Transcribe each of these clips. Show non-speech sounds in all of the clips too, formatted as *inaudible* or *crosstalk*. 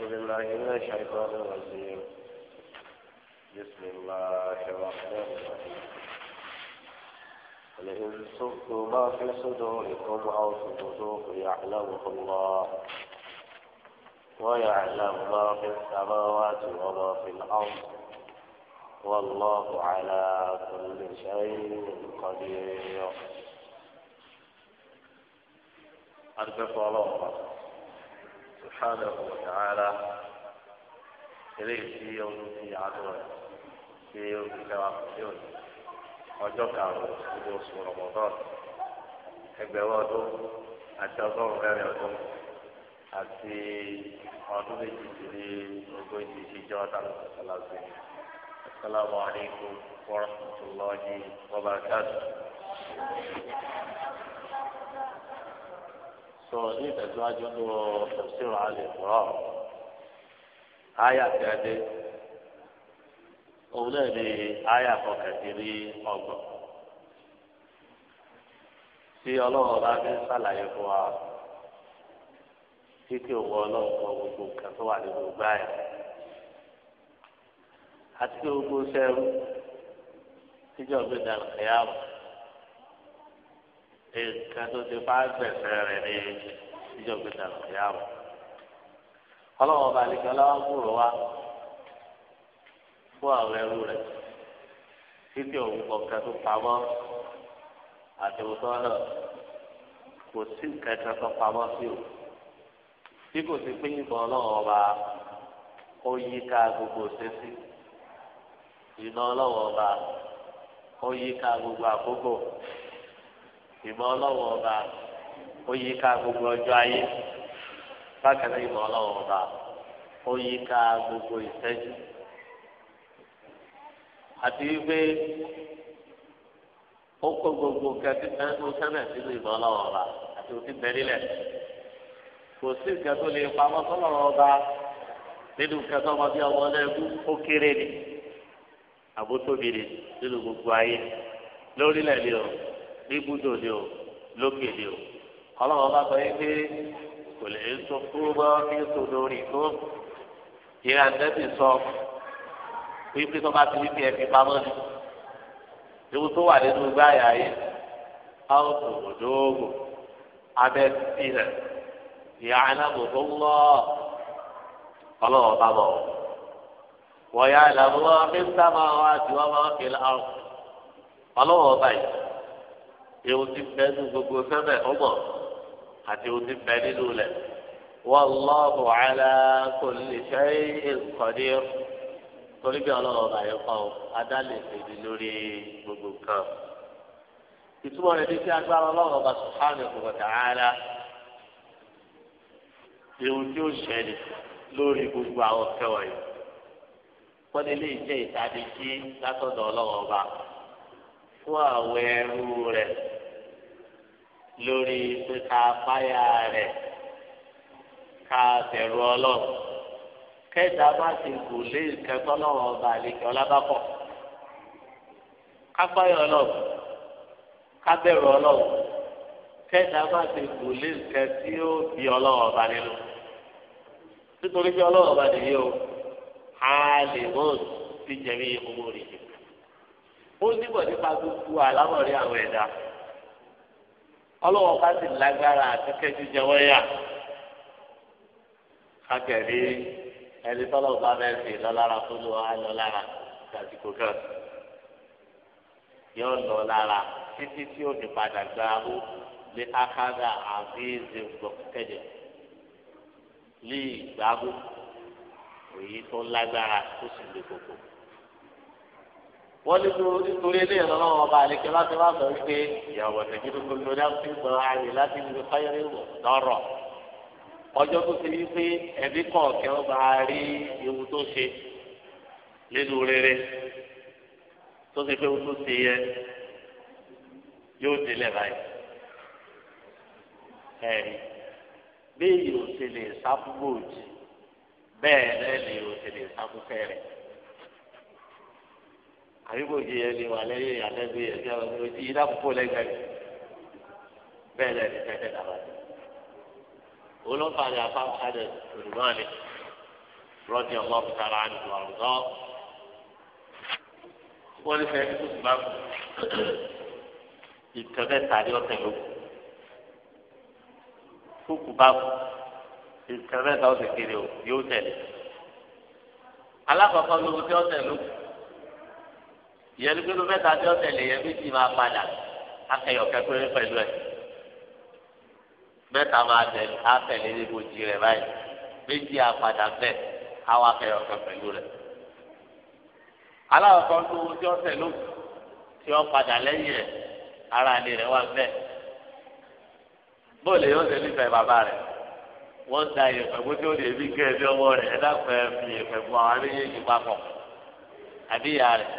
أعوذ بالله من الشيطان الرجيم بسم الله الرحمن الرحيم قل إن تبدوا ما في صدوركم أو تبدوه يعلمه الله ويعلم ما في السماوات وما في الأرض والله على كل شيء قدير أرجو الله subhanahu wa ta'ala eléyìí tí ohun ti àánú rẹ̀ tí ó ti fẹ́ wa kò sí òní ọjọ́ karùn-ún nínú oṣù rọmọdọ́n ẹgbẹ̀rún ọdún àti ọgọ́rùn-ún mẹ́rin ọdún àti ọdún méjì sí ní ogójì ìṣèjọ́ ọ̀tàlù ṣọláṣí asalaamu alaykum wa rahmatulahi wa barakatuh. سؤالي تزواج تفسير على الإقرار آية كاتب òun náà ni àyà kọkàndínlẹ́ ọgbọ̀n tí ọlọ́run bá fi ń fún wa kíkẹ́ òun ọlọ́run kan gbogbo nǹkan tó wà ní gbogbo àyà àti gbogbo sẹ́rù tíjọ́ gbé dànù nǹkan tó ti fa gbẹ̀sẹ̀ rẹ̀ ní ìjọba ìdàgbà ahụ. ọlọ́run ọba àlejò aláwọ̀ gbòòrò wa fún àwọn ẹrú rẹ̀ títí òun kọ̀ọ̀kan tó pamọ́ àtẹ̀wòtọ́ náà kò sí ìmọ̀ ọlọ́wọ́ ọba ó yí ká gbogbo ọjọ́ ayé bákan náà ìmọ̀ ọlọ́wọ́ ọba ó yí ká gbogbo ìṣẹ́jú àti wípé ó kó gbogbo kẹtí ẹnu sẹ́nẹ̀ sínú ọba àti òtí bẹ́rílẹ̀ kò sí nǹkan tó lè ọba nínú nǹkan tó ọmọ náà kéré ni àbótóbi ni nínú gbogbo ayé lórílẹ̀ o. ibùdó ni o lókè ni o ọlọ́run bá sọ yín pé kò lè so kúrú bọ́ ní sòdò rìn kó ìrìn àtẹ́tì sọ wípé tó bá ti wípé ẹ fi pamọ́ ni ewu tó wà nínú gbáyà yìí àwọn òdòdó abẹ́ tìlẹ̀ ìyá alábòbó ńlọ ọlọ́run bá bọ̀ wọ́n ìlànà wọn fi ń sábà wá ju ọmọ ìlànà ọlọ́run báyìí ewu ti bẹ nu gbogbo fẹmẹ ọmọ àti ewu ti bẹ nínú lẹ wallahu ala kulli shay'in qadir torí bí ọlọ́run ọba yẹn pa ọ adálẹ̀ èdè lórí gbogbo nǹkan ìtumọ̀ rẹ̀ ní kí agbára ọlọ́run ọba subhanahu wa ta'ala ewu tí ó ṣẹlẹ̀ lórí gbogbo àwọn kẹwàá yìí wọ́n lè lè jẹ́ ìtàdé kí látọ̀dọ̀ ọlọ́run ọba fún àwọn ẹrú rẹ̀ lórí pé ká báyà rẹ̀ ká bẹ̀rù ọlọ́run kẹ́ẹ̀dá bá ti kù lé ìkẹ́kọ̀ọ́ lọ́wọ́ ọba àlejò ọlábàkọ̀ ká báyà ọlọ́run ká bẹ̀rù ọlọ́run kẹ́ẹ̀dá bá ti kù lé ìkẹ́ tí ó bí ọlọ́wọ́ ọba nínú nítorí pé ọlọ́wọ́ ọba nìyí o àlèmọ́ọ̀n ti jẹ̀mí owó rẹ̀ ó nígbà nípa gbogbo àlámọ̀rí àwọn ẹ̀dá ọlọ́wọ́ bá sì lágbára àti kẹ́jú jẹ́wọ́ yà kákẹ́rì ẹni tọ́lọ̀ bá bẹ́ẹ̀ sì lọ́lára tó lò á lọ lára kàtìkò kan yóò lọ lára títí tí ó ti padà gba ó lé ákádà àbí ìzèwọ̀ kẹ́jẹ lé ìgbàgbọ́ èyí tó lágbára tó sì lè kókó wọ́n ní nítorí eléyìí lọ́wọ́ ọba àlekẹ́ láti wá sọ wípé ìyàwó ẹ̀sẹ̀kí tó gbogbo náà ti gbọ́ àyè láti ní fáyọ́rì wọ̀ lọ́rọ̀ ọjọ́ tó ti rí pé ẹbí kọ̀ọ̀kẹ́ ọba rí ewu tó ṣe nínú rere tó ṣe pé ewu tó ṣe yẹ yóò délẹ̀ báyìí bẹ́ẹ̀ yóò ṣe lè sáfúgbò bẹ́ẹ̀ lẹ́ẹ̀ lè yóò ṣe àbíkò jẹ yẹn ni wà lẹ́yìn ìyàtẹ̀gbé yẹn tí a lọ sí ìdá púpọ̀ lẹ́gbẹ̀ẹ́ bẹ́ẹ̀ lẹ́ni tẹ́tẹ́ dàbà sí. olóńfà ni afa adẹ olùmọ́ni rọ́ọ̀dì ọmọ ọ̀bùtàrà àdùnnú ọ̀rùntọ́ wọ́n ní sẹ́yìn tó ti bá kú ìtọ́ mẹ́ta ọ̀tẹ̀ ló kú kúkú bá kú ìtọ́ mẹ́ta ọ̀tẹ̀ kiri o yóò tẹ̀lé alákọ̀ọ́kọ́ lóko tí ọ̀tẹ̀ ló kú ìyẹn ní pínpín mẹ́ta tí ó tẹ̀lé yẹn bí ti máa padà akẹyọ kẹkẹrẹ pẹ̀lú ẹ mẹ́ta máa tẹ̀lé atẹ̀lé ní bojì rẹ báyìí méjì àpàdà bẹ́ẹ̀ àwọn akẹyọ kẹ pẹ̀lú rẹ. aláwọ̀ kan tó tí ó tẹ̀lé tí ó padà lẹ́yìn rẹ ara ilé rẹ wà bẹ́ẹ̀ bóòlù yóò ṣe nífẹ̀ẹ́ bàbá rẹ wọ́n da ìyẹ̀fẹ̀ kó tí ó lè bí kẹ́ ẹ bí ọmọ rẹ̀ ẹ dákun ẹ fi ìyẹ̀fẹ̀ fún àwọn méjèèjì papọ̀ àbí ìyá rẹ̀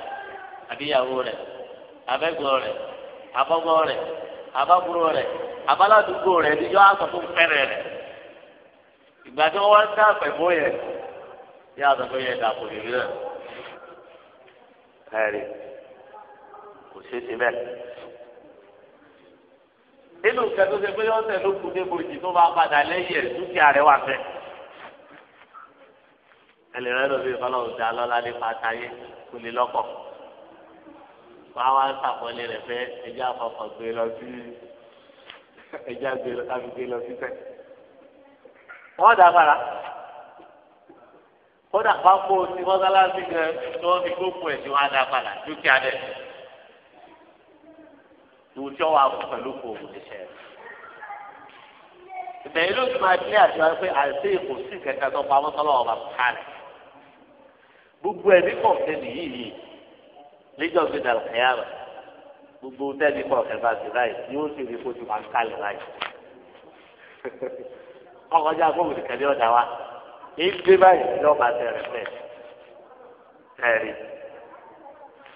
àbíyàwó rẹ̀ abẹ́gbọ́n rẹ̀ abọ́gbọ́n rẹ̀ abábúrò rẹ̀ abáládùúgbò rẹ̀ níjọ àgbà tó fẹ́rẹ̀ rẹ̀ ìgbà tí wọ́n wá ń dá àpẹ̀bó yẹn yá àgbà tó yẹ dàpọ̀ ìrírí rẹ̀ ẹ̀rí kò ṣeé ṣe bẹ́ẹ̀. nínú nǹkan tó ṣe pé yọ ọ̀sẹ̀ ló kù débo ìdí tó bá padà lẹ́yìn ẹ̀ dúkìá rẹ̀ wà fẹ́. ẹlẹ́rìí ló fi ìfọlọ́wọ́ dá lọ́la nípa táyé kò lè lọ́kọ̀ọ́ wọ́n á wá sàpọ̀lé rẹ̀ fẹ́ ẹjẹ́ àfọkàn gbé lọ sí ẹjẹ́ àgbé lọ káfí gbé lọ sí fẹ́. wọ́n dà fara kódà pápó tí mọ́sálásí gan tí wọ́n fi gbókùn ẹ̀ tí wọ́n á dà fara dúkìá dẹ̀ lùtí ọwọ́ àwọn pẹ̀lú kò wò ṣẹ́ ìbẹ̀yìn ló ti máa dín àjọ pé àìsí kò sí kẹ̀kẹ́ tó pamọ́ sọ́lọ́ ọ̀bà kárẹ̀ gbogbo ẹ̀ ní kọ̀ọ̀tẹ́ nìyí yìí níjọ́ fi dàrú ẹ̀yàrá gbogbo tẹ́lẹ̀ kọ̀ ẹ̀fà sí láì ni ó sì rí kó ti máa ń kálẹ̀ láì. ọkọjá fóònù kẹ́lẹ́ ọ̀dà wa èyí dé báyìí lọ́ba tẹ̀rẹ̀ fẹ́ ẹ̀rí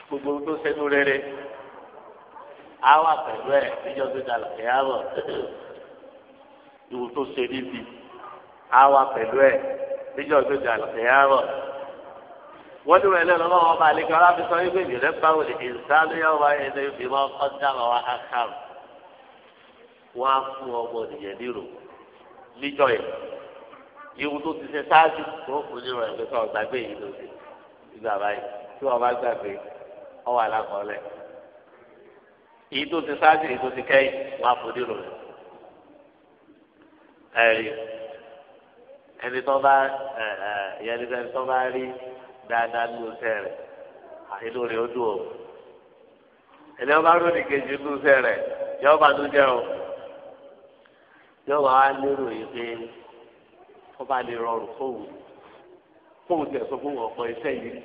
gbogbo tó sẹ́nu rere á wà pẹ̀lú ẹ̀ níjọ́ fi dàrú ẹ̀yàrá ìwò tó ṣe níbi á wà pẹ̀lú ẹ̀ níjọ́ fi dàrú ẹ̀yàrá wọ́n dúró ẹlẹ́ lọ́wọ́ ọba àlejò alábísọ yìí gbèjì rẹ̀ báwo lè ìsánú yà wá ẹni bí wọ́n kọ́ dára wá ákàm wọ́n á fún ọmọ nìyẹn nírò níjọ yẹn ìwú tó ti ṣe sáájú tó fún nírò ẹ̀ sọ gbàgbé yìí ló ṣe ìgbà báyìí tí wọ́n bá gbàgbé ọwọ́ alákọ̀ọ́lẹ̀ èyí tó ti sáájú èyí tó ti kẹ́yìn wọ́n á fún nírò ẹ̀rí ẹni tó bá ẹ̀ẹ́dẹ́gbẹ́ni dáadáa ní oṣẹ rẹ àìlú rẹ ó dùn o ẹni ọba lóde kejì ní oṣẹ rẹ yọba tó jẹ o yọba wa lérò yìí pé ọba lè rọrùn fóun fóun tẹ sọ fún ọ̀pọ̀ iṣẹ́ yìí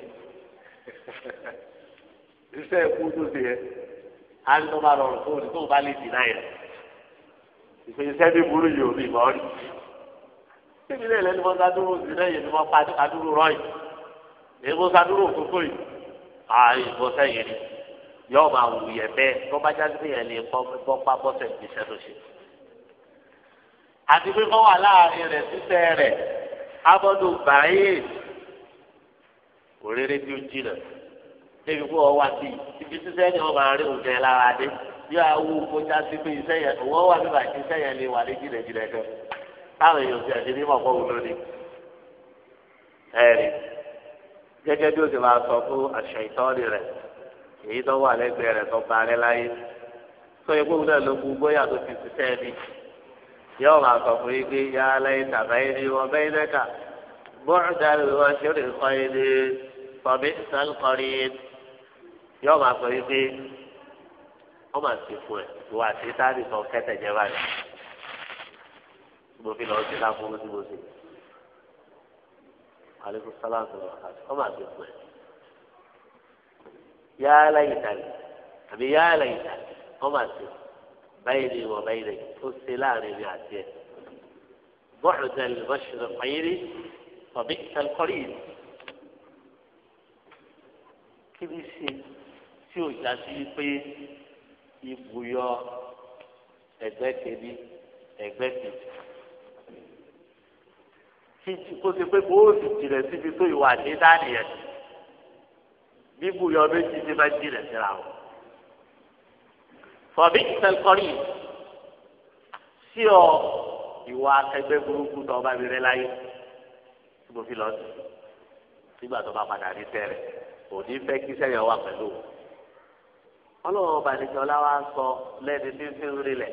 *laughs* iṣẹ́ ikú tó ti yẹ á ní ọba rọrùn fóun tóun bá lè dìnnà yẹn ìfẹsẹ̀ bí burú yìí ò ní ìmọ̀ rí. síbi ilé ìlẹ́nu dúró sí yìí ni wọ́n pa adúrú rọ́ọ̀yì èèbó sadúró òkókó yìí àì ìbọsẹ yẹn ni yọọ máa wù yẹ bẹ́ẹ̀ tó bá já sí yẹn lè bọ pa bọsẹ ìgbésẹ̀ tó ṣe. àti pé kọ́ wà láàrin rẹ̀ sísẹ́ rẹ̀ abọ́dù báyìí òrèrè tí ó jìnà débi kó wọ́n wá sí i ibi sísẹ́ ni wọ́n máa rí oúnjẹ lára dé bí awo kó já sí pé iṣẹ́ yẹn wọ́n wà nígbà tí iṣẹ́ yẹn lè wà ní jìnà jìnà kan táwọn èèyàn ti àti ní mọ̀kọ́ wù lónìí gẹ́gẹ́ bí o ti máa sọ fún àṣà ìtọ́ni rẹ̀ èyí tó wà lẹ́gbẹ̀ẹ́ rẹ̀ tó ba rẹ̀ láyé tó yẹ kóun náà ló kú bóyá tó ti ṣiṣẹ́ ẹni yóò máa sọ fún yín pé yá aláyé tàbá yín ni wọ́n bẹ́yìn lẹ́ka bọ́ọ̀rù dáre wọn ṣe lè kọ́ yín ní pọ̀mí sálùkọ́rí yín yóò máa sọ yín pé wọ́n máa ti fún ẹ̀ ìwà àti sáà nìkan kẹ́tẹ̀jẹ̀ báyìí mo fi lọ́ọ́ sí láfún mo ti mo sì aleykum salaam wa rahmatulah ọmọ àti ìfún ẹ yàrá ìtàlẹ àbí yàrá ìtàlẹ ọmọ àti báyìí ni wọ báyìí rẹ ó ṣe láàrin mi àti ẹ bọ́ọ̀lù tẹ̀lé bọ́ṣẹ̀rẹ̀ fàyírí ọ̀bí ìtàlùkọ́rí yìí kí ni ṣe tí ò já sí pé ibùyọ ẹgbẹ́ kejì ẹgbẹ́ kejì títí kó ṣe pé kó o sì jìnlẹ̀ síbi tó ìwà ní dání yẹn bíbu yọ méjì ti bá jìnlẹ̀ síra wọn. fọ̀bí ìfẹ́kọ́rì sí ọ ìwà akẹgbẹ́ burúkú tó ọba mi rẹ láyé tí mo fi lọ sí nígbà tó bá padà ní tẹ́rẹ̀ òní fẹ́ kí sẹ́yìn wà pẹ̀lú ọlọ́run ọba nìkan láwa sọ lẹ́ni tí ń fi ń rilẹ̀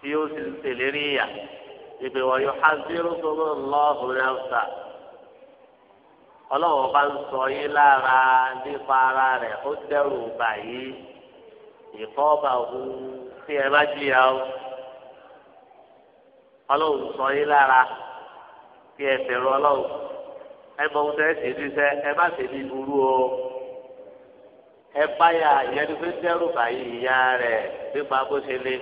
tí ó sì ń tẹ̀lé rí ìyà ìpè wọ̀nyí hasiru sọ́mọ́ lọ́hùn rẹ́wùsà ọlọ́wọ́ bá ń sọ yín lára nípa ara rẹ̀ ó dẹ́rù báyìí ìfọ́ba òun tí ẹ bá jìyà ó ọlọ́wọ́ sọ yín lára kí ẹ fẹ̀rù ọlọ́wọ́ ẹ mọ ohun tẹ́ ẹ ṣèlú ẹ má ṣèlú ìburú o ẹ báyà ìyẹn ní pé dẹ́rù báyìí ìyá rẹ̀ nípa bó ṣe lé.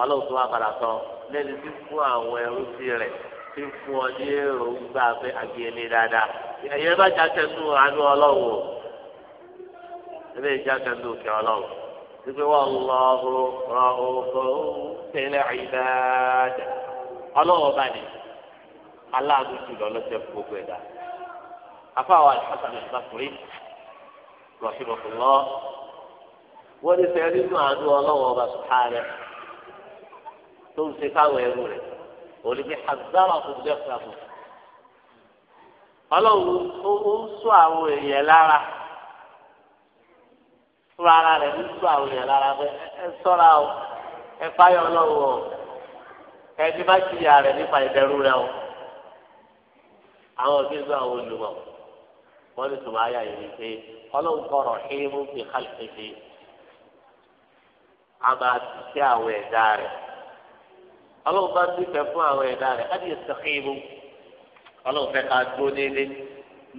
ọlọ́run wa padà sọ lẹ́ni tí fún àwọn ẹrú sí rẹ̀ tí fún ọ ní èrò gbà pé àgbélé dáadáa ẹ̀yẹ bá jáde sún àánú ọlọ́run o ilé ìjáde òkè ọlọ́run wípé wọ́n lọ rọ òkò ọlọ́run aláàánú jùlọ lọ́sẹ̀ gbogbo ẹ̀dá wọ́n ní sẹ́yìn nínú àánú ọlọ́run ọba sùn tó ń ṣe fáwọn ẹrú rẹ̀ olùgbé àgbára kò gbé pàbò ọlọ́run ó ń sọ àwọn èèyàn lára fúnra ara rẹ̀ ń sọ àwọn èèyàn lára pé ẹ sọ́ra o ẹ fáyọ̀ ọlọ́run o ẹni má jìyà rẹ̀ nípa ìbẹ̀rù rẹ̀ o àwọn òbí ń sọ àwọn olùmọ̀ wọ́n ní tùmọ̀ ayà yìí pé ọlọ́run kọ̀rọ̀ ṣé mú fi kálífẹ̀ẹ́ a máa ti sí àwọn ẹ̀dá rẹ̀ ọlọ́run bá dúpẹ́ fún àwọn ẹ̀dá rẹ̀ á dìé sèkéèmù ọlọ́run fẹ́ ká dúró déédéé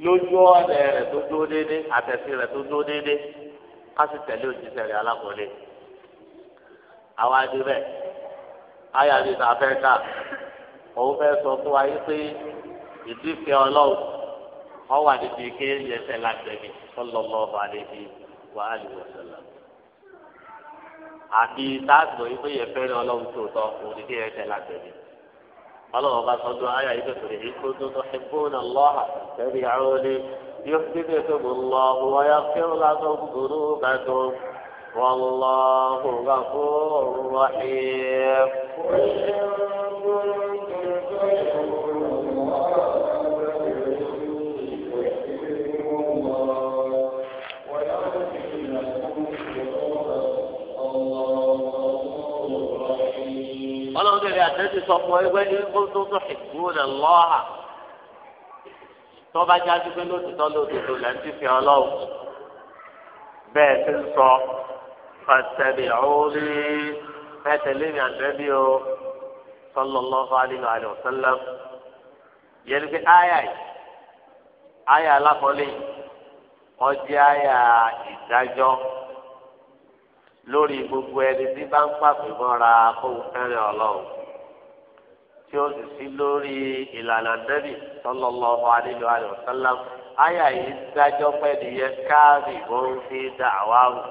lójú ọ̀nà rẹ̀ tó dúró déédéé àtẹ̀sí rẹ̀ tó dúró déédéé á sì tẹ̀lé òjíṣẹ́ rẹ̀ alákọ̀ọ́lẹ̀ àwọn adé bẹ́ẹ̀ ayé àti ìtàfẹ́ ká òun fẹ́ sọ fún wa yí pé ìdífẹ́ ọlọ́run wọ́n wà níbi kéèyàn ẹsẹ̀ lágbẹ̀mí sọlọ́lọ́ ọ̀bà àlejò wàhálì wọ̀sẹ̀lá àti sáàtò yìí pé yẹ fẹ́rẹ̀ ọlọ́run tó tọ́ òun ní kí ẹ tẹ̀lé àtẹ̀lé ọlọ́run bá sọ́dún ayé àyè tó tẹ̀lé yìí kó tó tó ṣẹ́gbọ́n lọ́hà tẹ̀lé àwọn ní yóò fi dé tó bò lọ wọ́n yá fẹ́rẹ̀ lásán gbòòrò bá tó wọ́n lọ fún wa fún ọ̀rọ̀ ẹ̀. àtẹ́tí sọ fún ẹgbẹ́ ní kótó tó ìgbó rẹ̀ lọ́hà tọ́ba jáde pé lótìtọ́ lótìtọ́ lẹ́ ń ti fi ọlọ́run bẹ́ẹ̀ ti ń sọ pàtẹ́lẹ̀ ọ̀rí mẹ́tẹ̀lẹ́ ní àtẹ́bí o sallallahu alaihi wa sallam yẹn pé áyà yìí áyà alákọ̀ọ́lẹ̀ ọjẹ́ áyà ìdájọ́ lórí gbogbo ẹni tí bá ń pàpè mọ́ra kó fẹ́rẹ̀ ọlọ́run tí ó sì sí lórí ìlànà Nábì sallallahu alaihi wa sallam àyà yìí dájọ́ pé nìyẹn káàdì ó ń fi dá àwa wò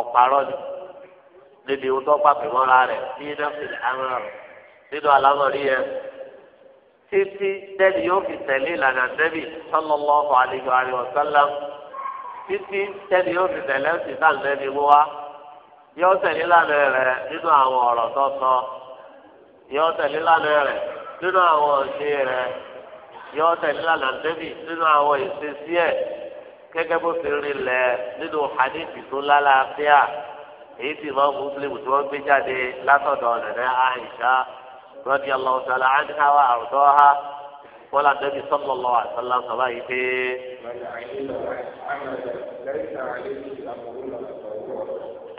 ọ̀parọ́ ni níbi ìwọ́n tó pàpẹ́ mọ́ra rẹ̀ bí nọ́ọ̀sì àwọn ọ̀rọ̀ nínú alámọ̀rí yẹn títí dẹ́bi yóò fi tẹ̀lé ìlànà Nábì sallallahu alaihi wa sallam títí dẹ́bi yóò fi tẹ̀lé ìsìn náà Nábì yóò tẹ̀lé ìlànà rẹ̀ nínú àwọn ọ̀rọ̀ tó sọ yọ tẹ̀lé lánàá rẹ̀ nínú àwọn ọ̀sẹ̀ rẹ̀ yọ tẹ̀lé lánàá débi nínú àwọn ìṣesí ẹ̀ gẹ́gẹ́ bó ti rí lẹ̀ nínú hadithi tó lálàáfíà èyí tí ìmọ̀ mùsùlùmí tí wọ́n gbé jáde látọ̀dọ̀ nẹ̀nẹ́ àìsà rọ́bì aláwọ̀sálà àdìhàwà àrùtọ́hà wọ́n àdébí sọ́lọ́lọ́ àtàlà sọ́lá yìí pé.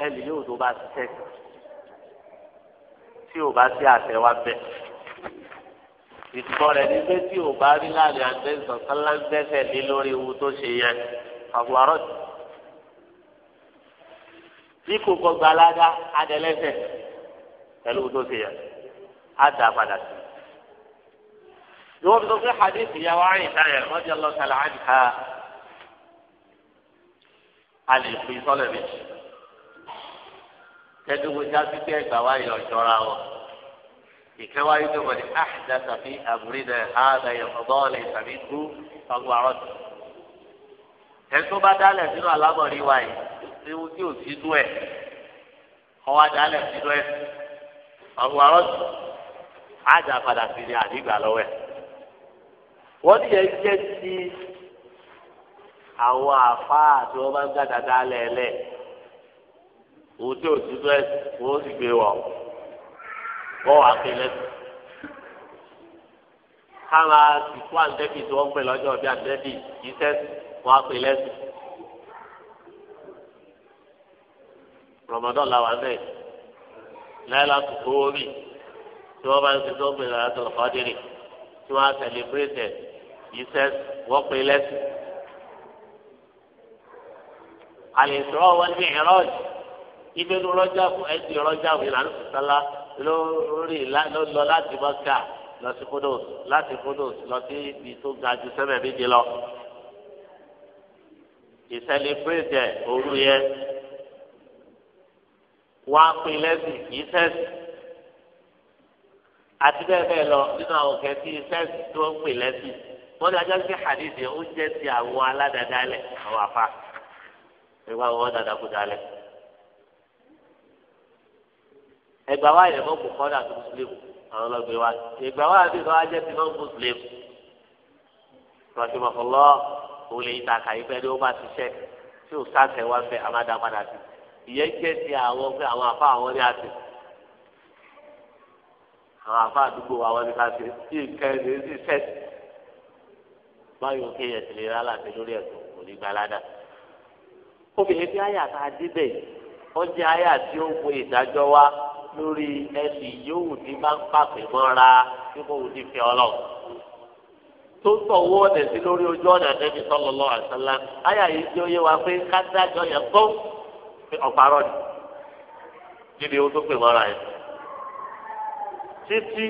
ẹnì yóò tó bá ti tẹ̀sí tí ò bá sí àtẹwá bẹ ìtumọ̀ rẹ̀ ní pé tí ò bá rí láàrin àtẹ̀sán sálágbẹ́sẹ̀ lé lórí ewu tó ṣe yẹn àwòrán tí kò kọ gbalaga adẹlẹsẹ pẹ̀lú ewu tó ṣe yẹn á dà padà sí i tó fi hadith ìyàwó àyìnká yẹn radiyallahu ta'ala anha a lè fi méjì tẹ́gbẹ́gbẹ́ jáde pé ẹgbà wá yọ ọ̀jọ́ra wọn. ìkẹwà yìí tó wọlé ah, àhìdá tàbí àbúrí náà ààrẹ ọ̀bọ́ọ̀lẹ̀ tàbí kú ọgbà ọ̀tún. ẹ̀ tó bá dálẹ̀ sínú alámọ̀rí wa yìí ewu tí ò sínú ẹ̀ ọwọ́ dálẹ̀ sínú ẹ̀ ọgbà ọ̀tún àjà padà sí ní àdìgbà lọ́wọ́ ẹ̀. wọ́n ní yẹn jẹ́ ti àwọn àfáà tí wọ́n máa ń gàdàdà òun tí ò sí bẹ́ẹ̀ wọ́n sì gbé wọ̀ wọ́n wà pé lẹ́sìn. kára ìkú àǹdẹ́bì tí wọ́n pè lọ́jọ́ bí àǹdẹ́bì yìí sẹ́sì wọ́n á pè lẹ́sìn. rọmọdọ́n làwọn bẹ́ẹ̀ láìla kòkó omi tí wọ́n bá ń ṣe tó pè lọ́jọ́ tó lọ́kọ́ dé tí wọ́n á sẹ̀lẹ̀bírẹ̀tì yìí sẹ́sì wọ́n pè lẹ́sìn. àlè ìṣòro wọn ní ìrọ́jì ìbẹ̀rù rọ́jà fún ẹ̀sìn rọ́jà fún ìlànà ìsọ̀lá lórí lọ láti mọ́kà lọ sí kódòs láti kódòs lọ sí ibi tó ga ju sẹ́mẹ̀ méje lọ. ìsẹ̀lẹ̀bírẹ̀tẹ̀ òru yẹn wọ́n á pin lẹ́sìn kì í sẹ́sì àti bẹ́ẹ̀ bẹ́ẹ̀ lọ nínú àwọn kẹ́tí sẹ́sì tó ń pin lẹ́sìn wọ́n ní sí hadith oúnjẹ ti àwọn aládàá dálẹ̀ àwọn àfa ìwà wọn dàdà kú dálẹ̀. ẹgbà wa yẹ mọ́mú kọ́dà tó mùsùlùmù àwọn ọlọ́gbẹ́ wa ẹgbà wa yẹ kọ́ ajẹ́ ti mọ́mú mùsùlùmù rọ̀ṣùmọ̀fọ̀lọ́ òun lè ta àkàyè pé ẹni ó bá ṣiṣẹ́ tí ò sáṣẹ wá fẹ́ àmàdá padà sí ìyẹn jẹ́ ti àwọn pé àwọn àfa àwọn ní àti àwọn àfa àdúgbò àwọn ní káṣí tí nǹkan sì fẹ́ báyọ̀ kéèyàn ti lè rà láti lórí ẹ̀sùn kò ní gbalada obìnrin bí àyà tá dé bẹ́ẹ̀ ó jẹ́ àyà tí ó ń po ìdájọ́ wa lórí ẹni yóò ní bá ń pàpè mọ́ra tí kò ní fi ọlọ́run tó ń tọ̀ owó ọ̀nà sí lórí ojú ọ̀nà Ànábì sallallahu alaihi wasallam ayé àyè tí ó yé wa pé kájájọ yẹn tó fi ọ̀parọ́ ni níbi owó tó pè mọ́ra yẹn títí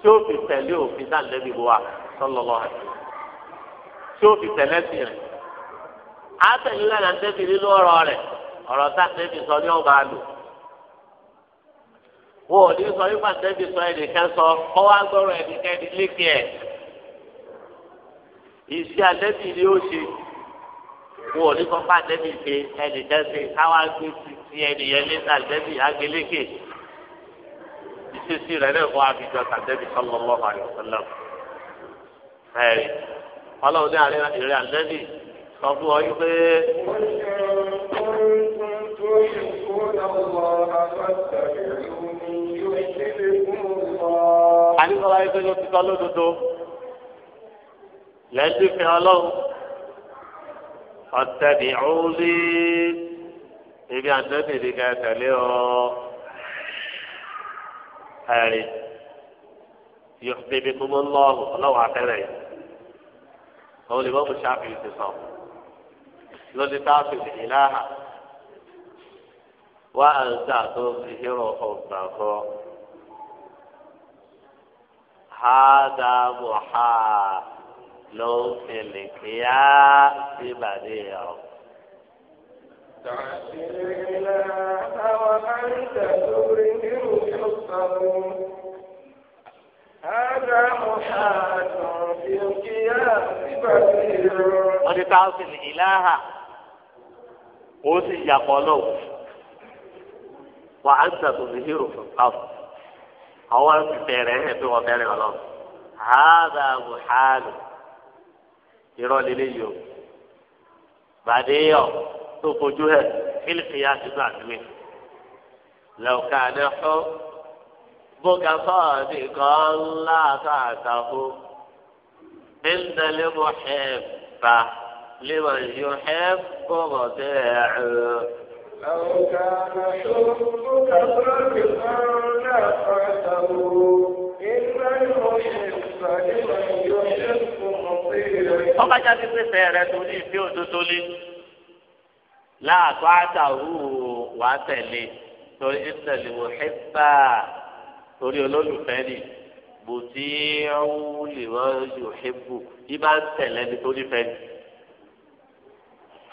tí ó fi tẹ̀lé òfin náà lẹ́bi wa sallallahu alaihi wasallam tí ó fi tẹ̀lé sí rẹ̀ á lẹ́nà Ànábì nínú ọ̀rọ̀ rẹ̀ ọ̀rọ̀ tá wọn ò ní sọ nípa tẹ́bi sọ ẹnìkan sọ kọ́ wá gbọ́rọ̀ ẹnìkẹ́ni lékè ẹ̀ ìṣe àtẹ́bí ni ó ṣe wọn ò ní sọ fún àtẹ́bí pé ẹnìkan ṣe káwá gbé títí ẹnìyẹn ní àtẹ́bí àgbélékè ìṣesí rẹ̀ lẹ́kọ̀ọ́ àfijọ́ àtẹ́bí sallallahu alaihi wasallam ẹ̀rí ọlọ́run ní àárín ìrìn àtẹ́bí sọ fún ọ pé. وإن كنتم تحبون الله فاتبعوه àbí sọ wáyé pé ló ti tọ́ lódodo lẹ́sí fi ọlọ́run ọ̀tẹ̀bí ọ̀húnlí ibi àtẹ́bí ni ká tẹ̀lé ọ ẹ̀rí yóò bíbí kúmọ́ lọ́ọ̀rù ọlọ́wọ́ abẹ́rẹ́ yìí òun lè mọ́mú ṣáfì ti sọ lórí táàfì ìlàhà wá àǹtà tó fi hírọ̀ ọ̀gbà fọ́. هذا buha ló fèlè kíá sí bàdé ọ. Tàṣírí náà àwọn àìsàn lórí nínú ìṣòro. wọ́n ti táwọn sì ní ìlàhà ó sì yàpọ̀ lọ́wọ́ wà á ń sàtò ní fún táwọn àwọn fẹrẹ ẹ pé wọn fẹrẹ ọlọ hàdà buhari irọ́ lílé yìí o bàdéyọ tó fojú ẹ kílìkìyà ti gbà gbé lọ́ọ̀kà ní ọ́ bóga sọ́ọ̀dì kan láàtà àtàkù ìndẹ̀lẹ́mọ̀ ẹ̀ bá lè wọ́n yóò ẹ̀ bọ̀ bọ̀ tẹ̀ ẹ̀ ẹ̀. لو كان حبك صادقا لفعته إن المحب لمن يحب مطيع tọ́ba jáde pèsè rẹ torí ìfẹ́ òdodo lé láàtọ́ àtàwù wàá tẹ̀lé torí ìtẹ̀lé wò hẹ́pà torí olólùfẹ́ ni bùtí ọ̀hún lè wọ́n yóò hẹ́pù yí bá ń tẹ̀lé nítorí fẹ́ ni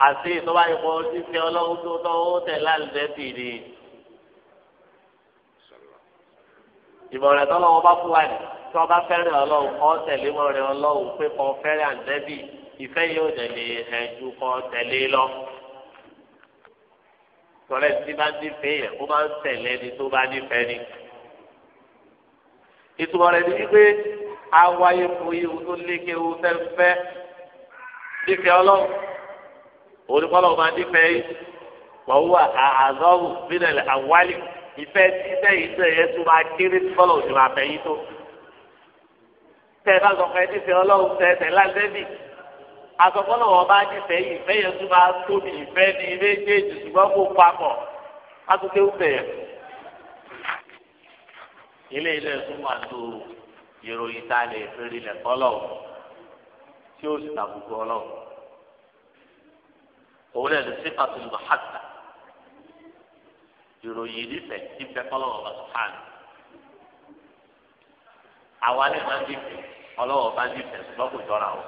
àti ìtọ́wá ìkọ́ títẹ ọlọ́run tó tọ́wọ́ tẹ̀ láìpẹ́ tìrì. ìmọ̀ràn tọ́lọ́wọ́ bá fún wa ní tí wọ́n bá fẹ́ràn ọlọ́run kọ́ tẹ̀lé mọ́rẹ̀ ọlọ́run pé kọ́ fẹ́ràn àǹdẹ́bì ìfẹ́ yóò tẹ̀lé ẹ̀jú kọ́ tẹ̀lé lọ. tọ́lẹ̀ tí bá nífẹ̀ẹ́ yẹn ó máa ń tẹ̀lé ẹni tó bá nífẹ̀ẹ́ ni. ìtumọ̀ rẹ̀ ni wípé awáyé fún ihu tó lékè ihu fẹ́fẹ́ nífẹ̀ẹ́ olùkọ́lọ́ máa ní fẹ́ wọ́n wà àzọ́rù bínẹ̀lẹ̀ àwálì ìfẹ́ tí sẹ́yìn tó yẹ tó máa kéré tí kọ́lọ́ òjò máa fẹ́yìn tó. tẹ ẹ bá sọ fẹ́ ní fẹ́ ọlọ́run tẹ ẹ lásẹ́bì àsọkọ́lọ́ wọn bá ní fẹ́ ìfẹ́ yẹn tó máa tóbi ìfẹ́ ní méjèèjì ṣùgbọ́n kó papọ̀ akókè ń bẹ̀yẹ̀. ilé ilé ẹ̀sùn wà tó ìròyìn tá a lè fi rí lẹ̀ kọ́lọ́ tí ó sì tàbùkù ọlọ́run. òun lẹ́nu sípàtì lùmọ̀hátà ìròyìn nífẹ̀ẹ́ tí bẹ́ẹ̀ kọ́lọ́wọ́ bá sùhàn. àwa lè máa nífẹ̀ẹ́ ọlọ́wọ́ bá nífẹ̀ẹ́ ṣùgbọ́n kò jọra o.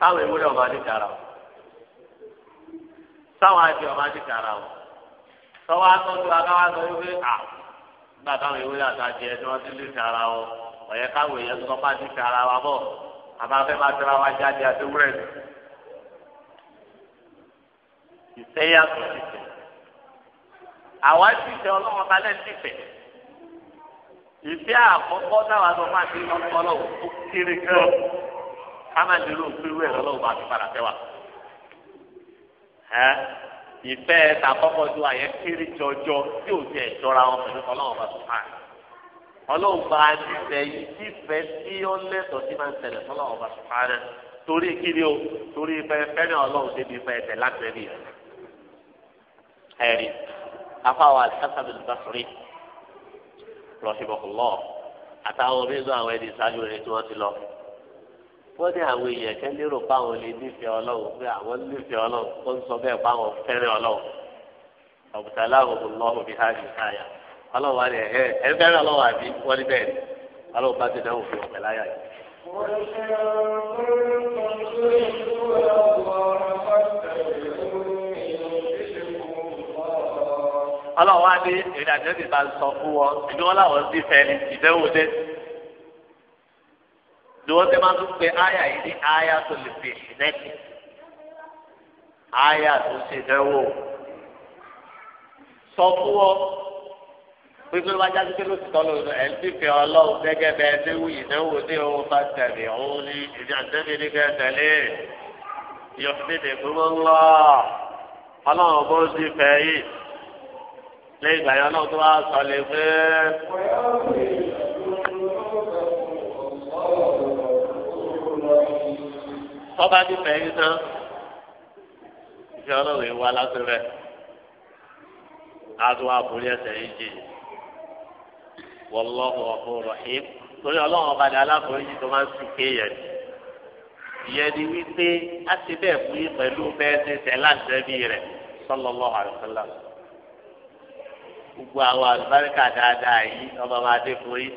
táwọn ewúrẹ́ ọba ní kara o táwọn àti ọba ní kara o tọ́wọ́ atọ́jú akáwá sọ wípé à nígbà táwọn àtàjẹ o ọ̀yẹ́ èèyàn tó kọ́ bá ní àbáfẹ́ máa tẹ́ra wá jáde àdéhùrẹ́ ni ìfẹ́yà tó ti fẹ́ àwa ti fẹ́ ọlọ́run balẹ̀ ti fẹ́ ìfẹ́ àkọ́kọ́ táwa tó máa ti lọ sọ́lọ́ ó kéré gan ká má lè ló pé wẹ́ẹ̀ lọ́wọ́ bá ti padà fẹ́ wa ìfẹ́ tàkọ́kọ́ tó àyẹ kéré jọjọ tí ò tiẹ̀ jọra wọn pẹ̀lú ọlọ́run bá tó máa ọlọ́run bá a nífẹ̀ẹ́ yìí nífẹ̀ẹ́ tí ó lẹ́tọ̀ọ́ tí máa ń tẹ̀lé fọlọ́ ọba sùpárẹ́ torí kíni o torí fẹ́ẹ́rẹ́ ọlọ́run débi fẹ́ẹ́fẹ́ láti rí ẹ̀rí afáwọ̀ alhassan al-basri rahimahullah àtàwọn onídùú àwọn ẹni ìsáájú rẹ tí wọ́n ti lọ wọ́n ní àwọn èèyàn kẹ́ lérò páwọn lè nífẹ̀ẹ́ ọlọ́run pé àwọn nífẹ̀ẹ́ ọlọ́run ó ń sọ bẹ́ẹ̀ páwọn fẹ́rẹ́ ọlọ́run ọ̀bùtàlá ọ̀bùnlọ́ọ̀bì hàjì káyà ọlọ́wọ́ wa ni ẹ ẹ fẹ́ràn ọlọ́wọ́ àbí wọ́n ní bẹ́ẹ̀ ni ọlọ́wọ́ bá ti dáhùn fún ọ̀pẹ láyà yìí. ọlọ́wọ́ á ní ìrìnàjò ti bá sọ fún wọn ìdúró láwọn ti fẹ́ ni ìdẹ́wò dé ni wọ́n ti máa tún pe aya yìí ní aya tó lè fi ìnẹ́kì aya tó ṣe dẹ́wò sọ fún wọn pípé wájú àti pé ló ti tọ́lọ̀ ẹ̀ ń fífẹ́ ọlọ́run gẹ́gẹ́ bẹ́ẹ̀ léwu ìnáwó ní òun bá tẹ̀lé òun ní ìdí àtẹ́bí ní kẹ́ tẹ̀lé yọ̀fídì gbogbo ńlọ ọlọ́run bó ti fẹ́ yìí lẹ́yìn ìgbà yẹn ọlọ́run tó wá sọ lè fẹ́. tọ́ba ti fẹ́ yìí tán ìfẹ́ ọlọ́run ìwà lásìrẹ́ àti wàá borí ẹsẹ̀ jì wallahu ghafurur rahim torí ọlọ́run ọba ni aláforíjì tó máa ń sùn kéèyàn ìyẹn ni wípé á ti bẹ́ẹ̀ fún yín pẹ̀lú bẹ́ẹ̀ ṣe tẹ̀ láǹdẹ́bí rẹ̀ sallallahu alaihi gbogbo àwọn àlùbáríkà dáadáa yìí ọba máa dé fún yín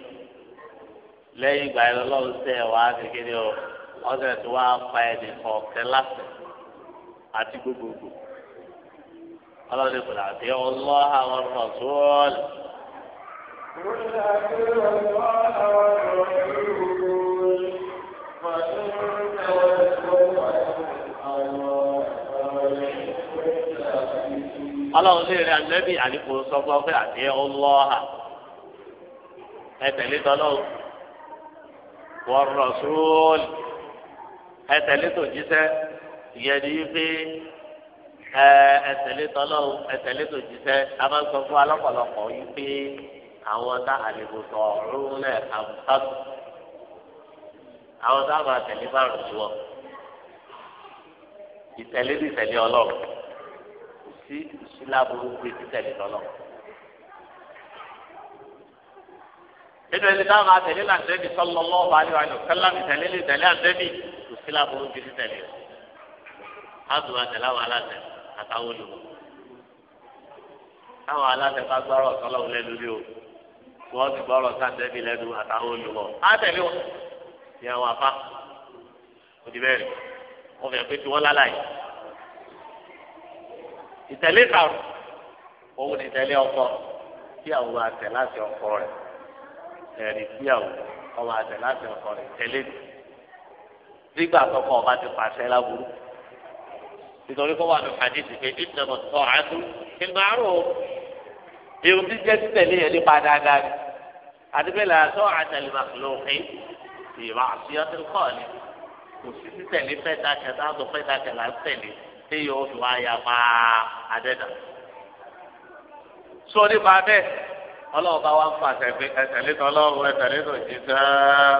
lẹ́yìn ìgbà yẹn lọ́wọ́ sẹ́ wà á o ọ̀sẹ̀ tó wà á pa ẹ̀dẹ̀ kọ̀ọ̀kẹ́ lásẹ̀ ọlọ́run lè rí alẹ́bí àdìpọ̀ sọ́kọ́ pé àti ọlọ́ha ẹtẹ̀lé tọ́lọ́wọ́ wọ́rọ̀ sóòlì ẹtẹ̀lé tó jíṣẹ́ ìyẹn ní pé ẹtẹ̀lé tọ́lọ́wọ́ ẹtẹ̀lé tó jíṣẹ́ a máa ń sọ fún alọ́pọ̀lọpọ̀ yìí pé àwọn tá àlejò sọ ọ̀rún náà àbùkátù àwọn tá a máa tẹ̀lé márùn sí wọn ìtẹ̀lé ní ìtẹ̀lé ọlọ́run kò sí ìṣíláàbùrú pé títẹ̀lé lọ́lọ́run. nínú ẹni táwọn máa tẹ̀lé làǹdẹ́bì sọ́lọ́ lọ́wọ́ bá yọ àyàn kálá mi tẹ̀lé lè tẹ̀lé àǹdẹ́bì kò sí ìṣíláàbùrú pé títẹ̀lé rẹ̀. a tún máa àwọn aláṣẹ àtàwọn olùkọ́. táwọn aláṣẹ bá gbọ́rọ̀ wọ́n ti gbọ́rọ̀ sáńtẹ́bì lẹ́nu àtàwọn olùmọ̀ á tẹ̀lé wọn ní àwọn afá òdì bẹ́ẹ̀ wọ́n fẹ́ pé kí wọ́n lálàyé ìtẹ̀lé kàrún òun ìtẹ̀lé ọkọ tí àwọn bá tẹ̀ láti ọkọ rẹ̀ ẹ̀rí tí àwọn ọba tẹ̀ láti ọkọ rẹ̀ tẹ̀lé nígbà tọkọ ọba ti pàṣẹ láburú nítorí kó wà ní hadith pé ìtẹ̀mọ̀ tọ́ àdúró ìgbà àrùn èrò tí jẹ́ títẹ̀lé yẹn nípa dáadáa ni àdébẹ́lẹ̀ àtọ́ àtẹlẹ màkìlóhìn ìwà àfihàn kọ́ ni kò sí títẹ̀lé fẹ́ta kẹta àtọ́ fẹ́ta kẹta tẹ̀lé tí yóò fi wá ya pa àdẹ́dà. sọ nípa bẹ́ẹ̀ ọlọ́run bá wá ń fa ẹ̀tẹ̀lé tọ́lọ́run ẹ̀tẹ̀lé tó jí sáá.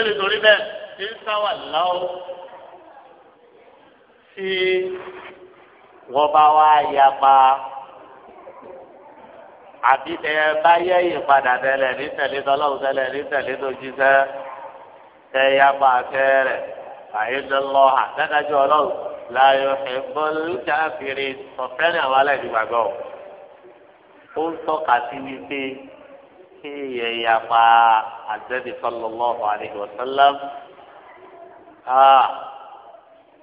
wọ́n lè torí bẹ́ẹ̀ ṣe ń sáwà láwọ́ tí wọ́n bá wá yapa àbí tẹ ẹ bá yẹ ìpadà tẹ́lẹ̀ ní tẹ̀lé tọ́lọ́wọ́ tẹ́lẹ̀ ní tẹ̀lé tó jíṣẹ́ tẹ yapa àtẹ rẹ̀ àyẹ̀dọ́lọ́ àtẹ́dájọ́ ọlọ́run láyọ̀ ẹ̀bọ́lùkà fèrè ọ̀fẹ́ ní àwọn aláìdìgbàgbọ́ ó ń tọ́ka sí wípé kéèyàn ya pa àdẹ́bí sallallahu alaihi wa sallam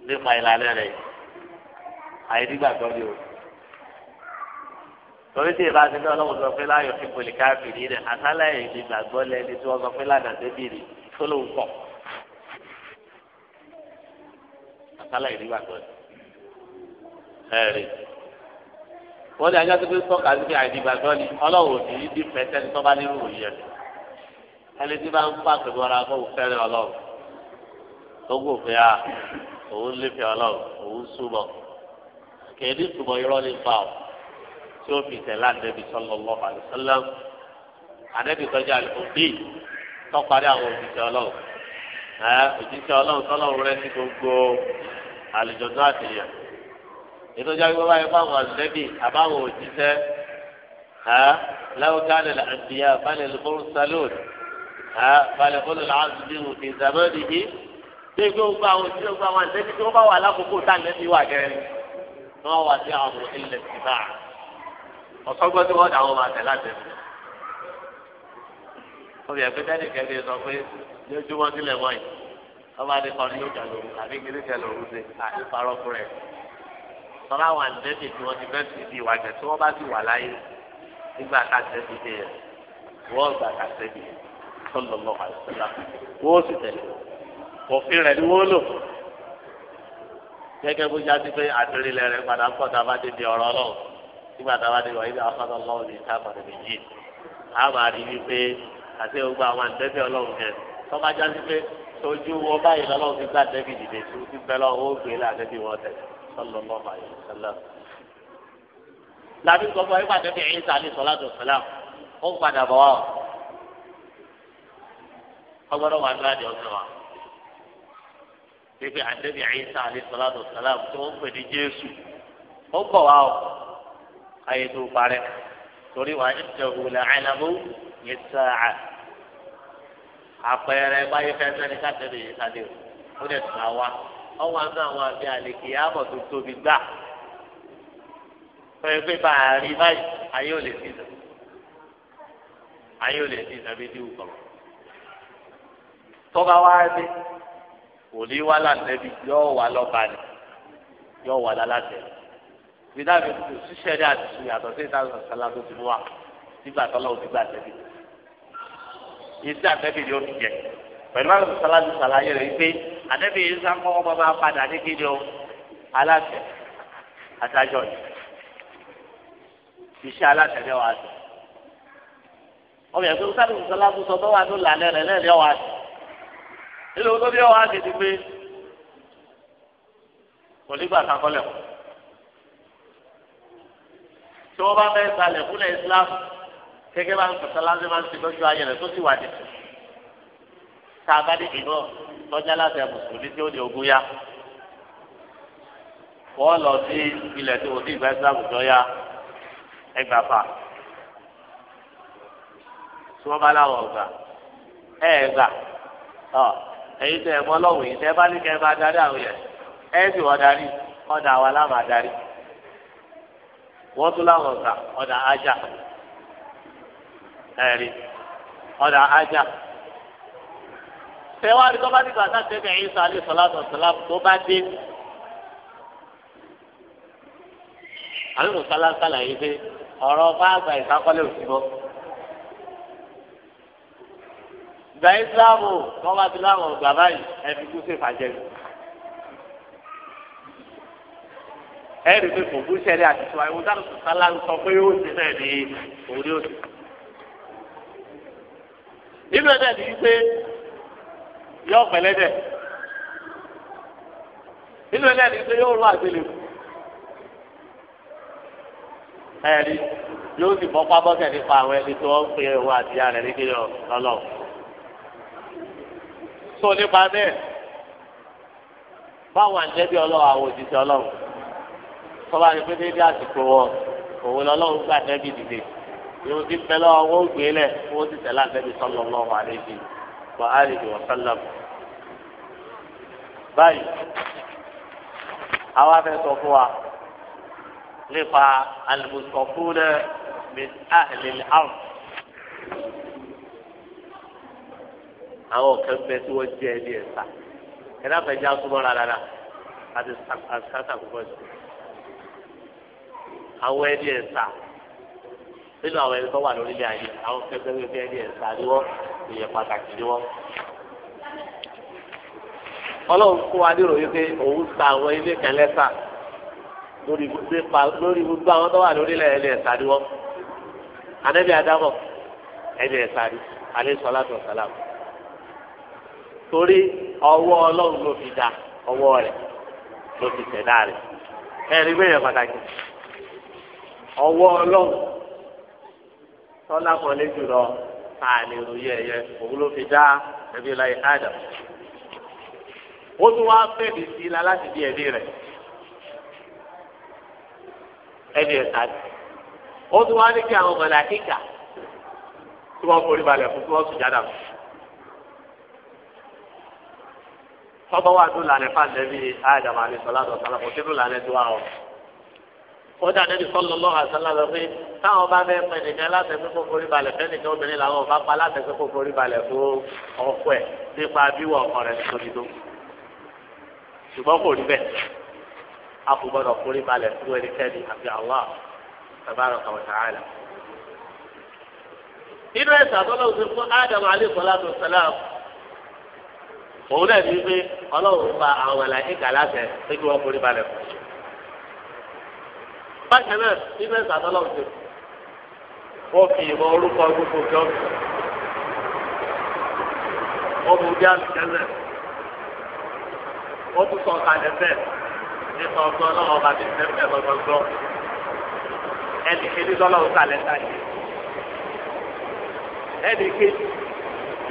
nípa ìlànà rẹ̀ àìdígbàgbọ́ ni o. torí tí ìbá ti ní ọlọ́run sọ pé láyọ̀ fi pèlè káàkiri rẹ̀ àtàlẹ́ ìdígbàgbọ́ lẹ́ni tí wọ́n sọ pé lànà débi rè tó ń pọ̀. àtàlẹ́ ìdígbàgbọ́ ẹ̀rí wọ́n ní ajá tó fi sọ́kà sí àìdìgbàgbọ́ ni ọlọ́wọ́ ní ibi pẹ̀sẹ̀ ní tọ́ba nínú òye rẹ̀ ẹni tí bá ń fà pẹ̀lú ara kó fẹ́rẹ̀ ọlọ́wọ́ tó gbò pé a ah, òun léfẹ̀ ọlọ́wọ́ òun súnmọ́ kèédí súnmọ́ irọ́ ní fa ọ tí ó fi tẹ̀lé àdẹ́bí sallallahu alaihi wasallam àdẹ́bí tọ́jú àlùfòbí tọ́parí àwọn òjíṣẹ́ ọlọ́wọ́ òjíṣẹ́ ọlọ́wọ́ tọ́lọ́wọ́ ìtọ́jú àgbẹ̀ báyìí fáwọn àzẹ́bì àbáwọn òjíṣẹ́ ha láwùjáde là ń bìyà balẹ̀ lùmọ́rù salon ha balẹ̀ olè làásù bí wù ní zamani yìí bí gbé gbogbo àwọn òjíṣẹ́ gbogbo àwọn àzẹ́bì tí wọ́n bá wà lákòókò tá àlẹ́ bí wà gẹ́rẹ́ ni wọ́n wà sí àwọn ilẹ̀ tìbà ọ̀sọ́gbọ́n tí wọ́n dà wọ́n máa tẹ̀ láti ẹ̀ obì ẹgbẹ́ tọ́lá wà lẹ́sẹ̀ tí wọ́n ti fẹ́ fi di ìwàjẹ́ tí wọ́n bá ti wà láyé nígbà ká tẹ́bi dé rẹ̀ wọ́n gbà ká tẹ́bi sọlọ́lọ́ àìsílá wọ́n sì tẹ̀lé òfin rẹ̀ ni wọ́n lò gẹ́gẹ́ bó já sí pé àtìrìlẹ̀ rẹ̀ padà ń pọ̀ tá a bá ti di ọ̀rọ̀ ọlọ́run nígbà tá a bá ti wà níbi afọ́tọ̀ ọlọ́run ní ìta àpàdé méjì a máa rí i àti gbogbo àwọn àtẹ́bí ọlọ́run yẹn tọ́ bá já sí pé ojú wọn báyìí lọ́lọ́run ti gbà tẹ́bi dìde tí ti bẹ́ lọ́wọ́ ó gbé láàtẹ́bí wọn tẹ̀lé sọlọ lọ́wọ́ àyè sẹlẹ̀. làbí gbogbo ẹ̀ pàdé bí ẹ̀yìn sàlẹ̀ sọlá tó sẹlẹ̀ ó padà bọ̀ wá ọgbọ́dọ̀ wà lóra di ọ̀sẹ̀ wa. bíbí àdébí ẹ̀yìn sàlẹ̀ sọlá tó sẹlẹ̀ tó ń pè ní jésù ó bọ̀ wá o ayé tó parẹ́ torí wà ní ìjọba ìlà àìlàmú yẹn sáà àpẹẹrẹ báyìí fẹsẹ̀ ní káàkiri yìí sáré o ó dẹ̀ tún wá wá ọwọ́ àná àwọn àmì àlèkè àbọ̀ tó tóbi gbà pé pé bá a rí báyìí ayé ò lè fi nà ayé ò lè fi nà bí díwù kọ̀ tọ́ba wá dé kò ní wá lánàbí yóò wá lọ́ba ni yóò wá lálàtẹ̀ gbẹdàbí ṣíṣẹ́ ní àtúnṣe yàtọ̀ sí ìdáhùn sálá tó ti mú wa nígbà tọ́lá òbí gbà tẹ́bi yìí sí àtẹ́bi ni ó fi jẹ pẹ̀lú àwọn sálá ti sàlàyé rẹ̀ wípé àdẹ́bí yìí sá kọ́kọ́ bọ́ bá padà ní kíni o aláṣẹ adájọ́ ni iṣẹ́ aláṣẹ ni wàá sọ ọbẹ̀ tó sáré sọlá tó sọ tó wà tó lànà rẹ̀ lẹ́ẹ̀ni ọ̀wá sí nínú tó bí ọ̀wá sí ti pé kò nígbà kan kọ́lẹ̀ kù tí wọ́n bá fẹ́ sálẹ̀ fúnlẹ̀ Islam gẹ́gẹ́ bá ń sọ̀tọ́ lásìkò máa ń ti lọ́jọ́ ayẹyẹ tó sì wà dé tá a bá dé ìlú tọ́jà láti mùsùlùmí tí ó di ogún yá wọ́n lọ sí ilẹ̀ tí o ti gba jọ yá ẹgbàfà tí wọ́n ọ ẹ̀yin tẹ̀ ẹ̀mọ́ lọ́wọ́ yìí tẹ́ bá ní darí àwọn yẹn wọ́n darí ọ̀dà wọ́n tún tẹwárí tó bá dìgbà sátẹ́kẹ̀ Ìsá alẹ́ sọ̀látọ̀ sọ̀lámù tó bá dé. àlùkò sálásálà yìí pé ọ̀rọ̀ bá àgbà ìsákọ́lẹ̀ òsì bọ́. ìgbà ìsìláàmù tó bá ti láwọn ọ̀gbà báyìí ẹbí kú sí ìfàjẹ́rì. ẹ̀rí pé kò búṣẹ́ rí àti tiwa ìwọ dáná sọ̀tà láti sọ pé yóò ṣe náà ní orí òsì. nínú ẹ̀dá ni wípé yọ pẹ̀lẹ́ dẹ̀ nínú ilé ẹni pé yóò rú àgbélé mu ẹ̀rí yóò sì bọ́ pábọ́sẹ̀ nípa àwọn ẹni tó ń pe òun àti ìyá rẹ̀ nígbè lọ́lọ́ so nípa bẹ́ẹ̀ báwọn àjẹbí ọlọ́wọ́ àwọn òjíṣẹ́ ọlọ́run tọ́ba ní pété dé àsìkò wọn òun lọ́lọ́run gbà nẹ́bí dìde ìhun ti pẹ́ lọ́wọ́ wọn ó gbé lẹ̀ wọ́n ti tẹ̀lé àtẹ́bí sọ́lọ́ lọ́wọ́ àlejò. وآله وسلم báyìí àwa fẹ́ sọ fún wa nípa alùpùpùpùnà min ahlil ard àwọn kan bẹ tí wọ́n jẹ́ ẹni ẹ̀sà ẹ̀dá fẹ́ já súnmọ́ rárá àti sàkàtà púpọ̀ jù àwọn ẹni ẹ̀sà nínú àwọn ẹni tó wà lórílẹ̀ ayé àwọn kan bẹ tí wọ́n jẹ́ ẹni ẹ̀sà ni wọ́n. èèyàn pàtàkì ni wọ́n. ọlọ́run fún wa nírò yìí pé òun àwọn ilé kan lẹ́sà lórí gbogbo àwọn tó wà lórílẹ̀ ẹni ẹ̀sà ni wọ́n. anẹ́bí adámọ̀ ẹni ẹ̀sà ni alẹ́ sọlá tó torí ọwọ́ ọlọ́run ló fi ọwọ́ rẹ̀ ló fi tẹ̀dá rẹ̀ pàtàkì ọwọ́ ọlọ́run kan lé àlè ròyìn ẹ̀yẹ òun ló fi dá ẹbí láyé ádà wọ́n tún wá fẹ́ẹ̀dì sí i la láti di ẹbí rẹ̀ ẹbí ẹ̀ka ó tún wá ní kí àwọn mọ̀lá kíkà tí wọ́n forí balẹ̀ fún tí wọ́n sùn jáde fún. tọ́gbọ́n wà dùn lálẹ́ fáńdẹ́bí ádàmù àlè sọ́lá tó sọ́lá kò sínú lálẹ́ tó wà ọ́ kódà níbi sallallahu alaihi wasallam pé táwọn bá fẹ́ pẹ́ nìkan láti ẹgbẹ́ kó forí balẹ̀ fẹ́ nìkan obìnrin làwọn bá pa láti ẹgbẹ́ kó forí balẹ̀ fún ọkọ ẹ̀ nípa bíwọ̀ ọkọ rẹ̀ nítorí tó ṣùgbọ́n kò rí bẹ́ẹ̀ a kò gbọ́dọ̀ forí balẹ̀ fún ẹnikẹ́ni àti Allah tabaraka wa ta'ala. nínú ẹ̀sà tó lọ́wọ́ fún Adam bákan náà nígbà ìsàtọ́lọ́ ti wọ́n fi ìmọ̀ orúkọ gbogbo kí wọ́n wọ́n mú bí àlùkẹ́lẹ̀ wọ́n tún sọ kalẹ̀ bẹ́ẹ̀ nípa ọgbọ́n náà ọba ti fẹ́ fẹ́ gbọ́gbọ́gbọ́ ẹnì kejì lọ́lọ́run kalẹ̀ sáyé ẹnì kejì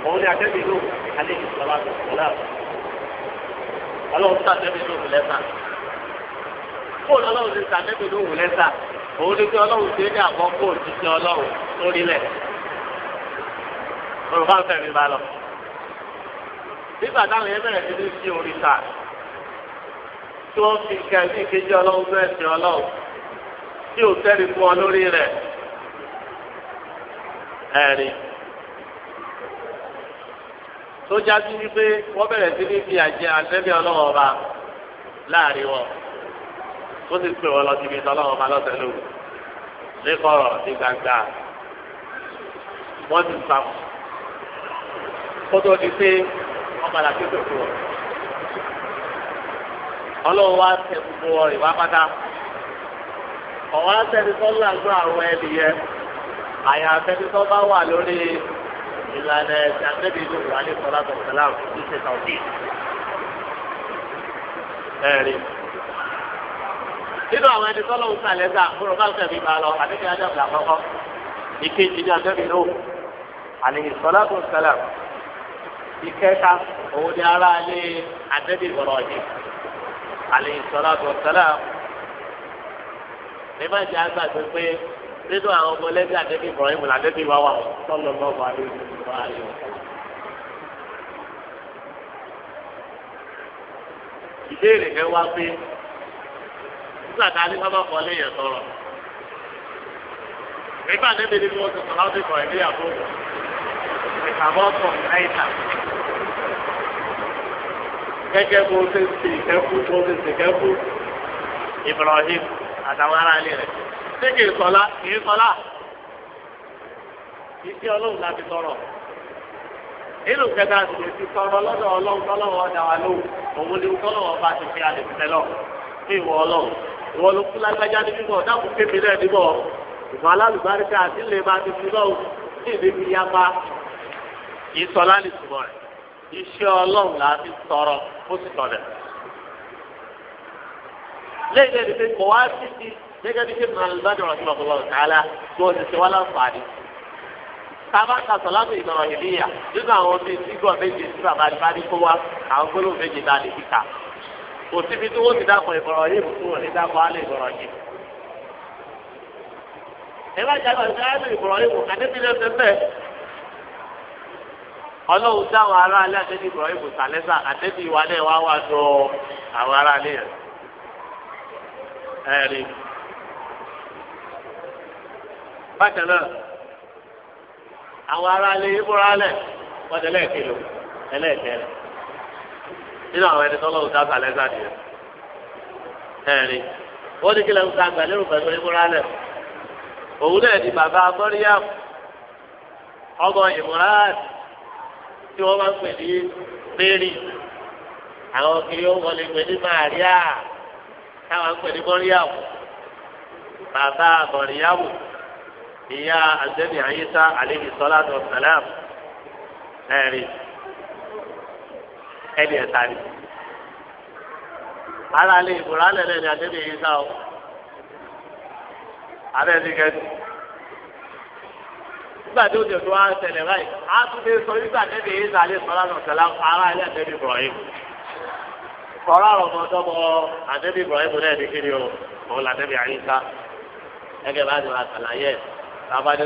òun ni akẹ́kẹ̀ẹ́ ló alẹ́ ìsọ̀lá ọlọ́run sàtẹ́bí ló fi lẹ́sà. bóòlù ọlọ́run ti sàdébì lóhùn lẹ́sà òun ni pé ọlọ́run ti ní àkọ́kọ́ òṣìṣẹ́ ọlọ́run lórílẹ̀ olùkọ́ àfẹ́ mi bá lọ. nígbà táwọn yẹn bẹ̀rẹ̀ sí ní sí tí wọ́n fi kejì ọlọ́run ọlọ́run tí ò fún ọ lórí rẹ̀ ẹ̀rí tó já wọ́n bẹ̀rẹ̀ sí ní fi àjẹ àtẹ́bí ọlọ́run ọba láàrin wọn. ó sì pè wọ́n lọ síbi tọ́lọ́wọ́n máa lọ́sẹ̀ lóru níkọ̀rọ̀ ní gbangba wọ́n ti sá wọn kó tó di pé wọ́n padà ké tó fún wọn. ọlọ́run wá tẹ gbogbo wọn ìwà pátá ọ̀wá sẹ́ni sọ́lá gbọ́ àwọn ẹni yẹn àyà sẹ́ni sọ́ bá wà lórí ìlànà ẹ̀sìn àtẹ́bí ìlú ìwà sọ́lá tó sẹ́lá tó ṣe tàwọn nínú àwọn ẹni tọ́lọ́ ń sàlẹ̀ sà fún ọba ọ̀sẹ̀ mi máa lọ àdéhùn ajábìlà kọ́kọ́ ìkejì ní abẹ́mi ló àlèyé sọlá tó sẹlẹ̀ ìkẹta òun ni ara lé àdébì bọ̀rọ̀ yìí àlèyé sọlá tó sẹlẹ̀ ní má jẹ́ àgbàdo pé nínú àwọn ọmọlẹ́bí àdébì bọ̀rọ̀ yìí mú làdébì wá wà tọ́lọ̀ náà wà ní ìlú ayé ìbéèrè kan wá pé nígbà tá a ní sábà kọ́ léèyàn sọ̀rọ̀ nígbà níbi ni mo ti sọ̀rọ̀ láti kọ̀ ẹ̀mí àbò ìkàbọ̀ kọ̀ láìta gẹ́gẹ́ bó ṣe ń ṣe ìkẹ́kù bó ṣe ń ṣe ìkẹ́kù Ibrahim àtàwọn aráàlú rẹ̀ ṣé kì í sọlá kì í sọlá ìṣe ọlọ́run láti tọrọ nínú kẹta sì lè fi tọrọ lọ́dọ̀ ọlọ́run tọ́lọ́wọ́ ọjà wa lóhùn òun ni tọ́lọ́wọ́ bá ti fi àlè tẹ́lọ̀ fún ìwọ ọlọ́run ìwọ ló kú lágbájá ní bíbọ̀ dákun kémi náà níbọ̀ ìfọ̀ alálùbáríkà àti ilé máa ti fi náà sí ìdí fi ya pa ìsọ láti túbọ̀ rẹ̀ iṣẹ́ ọlọ́run là á fi tọrọ ó sì tọ̀dẹ̀. lẹ́yìn ẹni pé kò wá sí ti gẹ́gẹ́ bí ṣé màá lùbá dọ̀rọ̀ síbọ̀ kọ́lọ́ tààlà bí wọ́n ti ṣe wá láǹfààní. tábà ka sọ láti ìmọ̀ràn ìlíyà nínú àwọn bíi sígọ̀ méje kò síbi tí wọ́n ti dàpọ̀ ìkọ̀rọ̀ yìí fún wọn alẹ́ ìkọ̀rọ̀ ẹ bá jáde àti alẹ́ ìkọ̀rọ̀ yìí fún adébí ló bẹ́ẹ̀. ọlọ́run dáhùn ará alẹ́ adébí ìkọ̀rọ̀ yìí fún sàlẹ́sà adébí ìwà nínú àwọn ẹni tọ́lọ́wọ́ tá a gbà lẹ́sà nìyẹn. ẹ̀rín wọ́n ní kí lẹ́nu tá a gbà lérò pẹ̀lú ìmúralẹ̀ òun náà ni bàbá mọ́ríyàm ọmọ ìmúralẹ̀ tí wọ́n máa ń pè ní mary àwọn kiri ó wọlé pè ní maria táwọn ń pè ní mọ́ríyàm bàbá mọ́ríyàm ìyá àzẹ́mi àyíṣà àlejò sọ́lá tó sàlám ẹ̀rín. ẹni ẹ̀ta ni ara lè ìbúra lẹ́lẹ́ ni àdébí yìí sá o abẹ́ ti kẹ́sì nígbà tí ó ti tó wá ṣẹlẹ̀ báyìí a tún lè sọ nígbà àdébí yìí sá lè ara ilé àdébí Ibrahim kọ́ra ọ̀rọ̀ ọ̀dọ́mọ àdébí Ibrahim náà ní kiri o òun làdébí ayé sá ẹgẹ bá ti wà sàlàyé tábàdé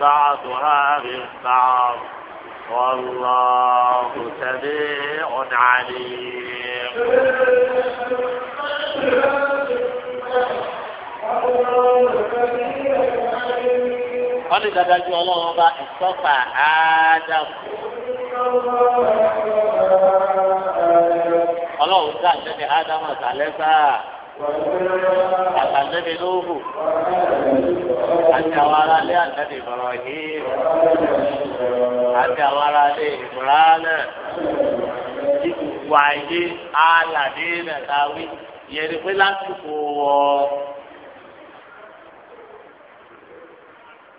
بعضها من بعض والله سميع عليم wọ́n ní dájú ọlọ́run bá ìsọ́fà ádámù. ọlọ́run dá àtẹ́ni ádámù àtàlẹ́sà àtàlẹ́ni lóhù àti àwọn aráalé àtẹ́ni ìbọ̀rọ̀hìn àti àwọn aráalé ìbúrálẹ̀ ìwà ayé alàdé nàtàwí yẹ̀rì pé lásìkò wọ̀ ọ́.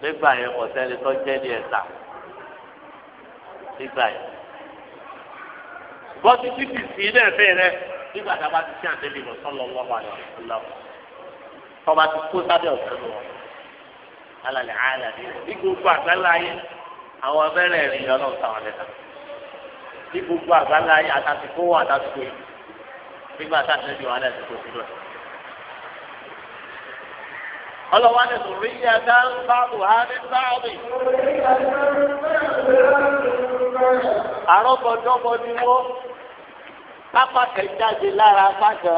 nígbà yẹn kò sẹ́ni tó jẹ́ ní ẹ̀ta nígbà yẹn. bọ́sí títì sí ilé ẹ̀fẹ́ rẹ nígbà tá a bá ti ṣe àdébí lọ sọ́lọ́ lọ́wọ́ àlọ́ ìlọ́wọ́ tọ́ba ti kó sábẹ́ ọ̀sẹ̀ lọ alàlẹ́ àlàlẹ́ ní gbogbo àgbáńlá ayé àwọn abẹ́rẹ́ rìn yọ lọ́wọ́ táwọn lẹ́ta ní gbogbo àgbáńlá ayé àtàtìkó àtàtìkó yìí nígbà tá a ti ọlọ́wọ́ ni sòrí ní ẹ̀dá ń bá buhari sáàbì. àrọ́bọ̀dọ́bọ̀ ni wọ́n pápákẹ́ jáde lára pàṣẹ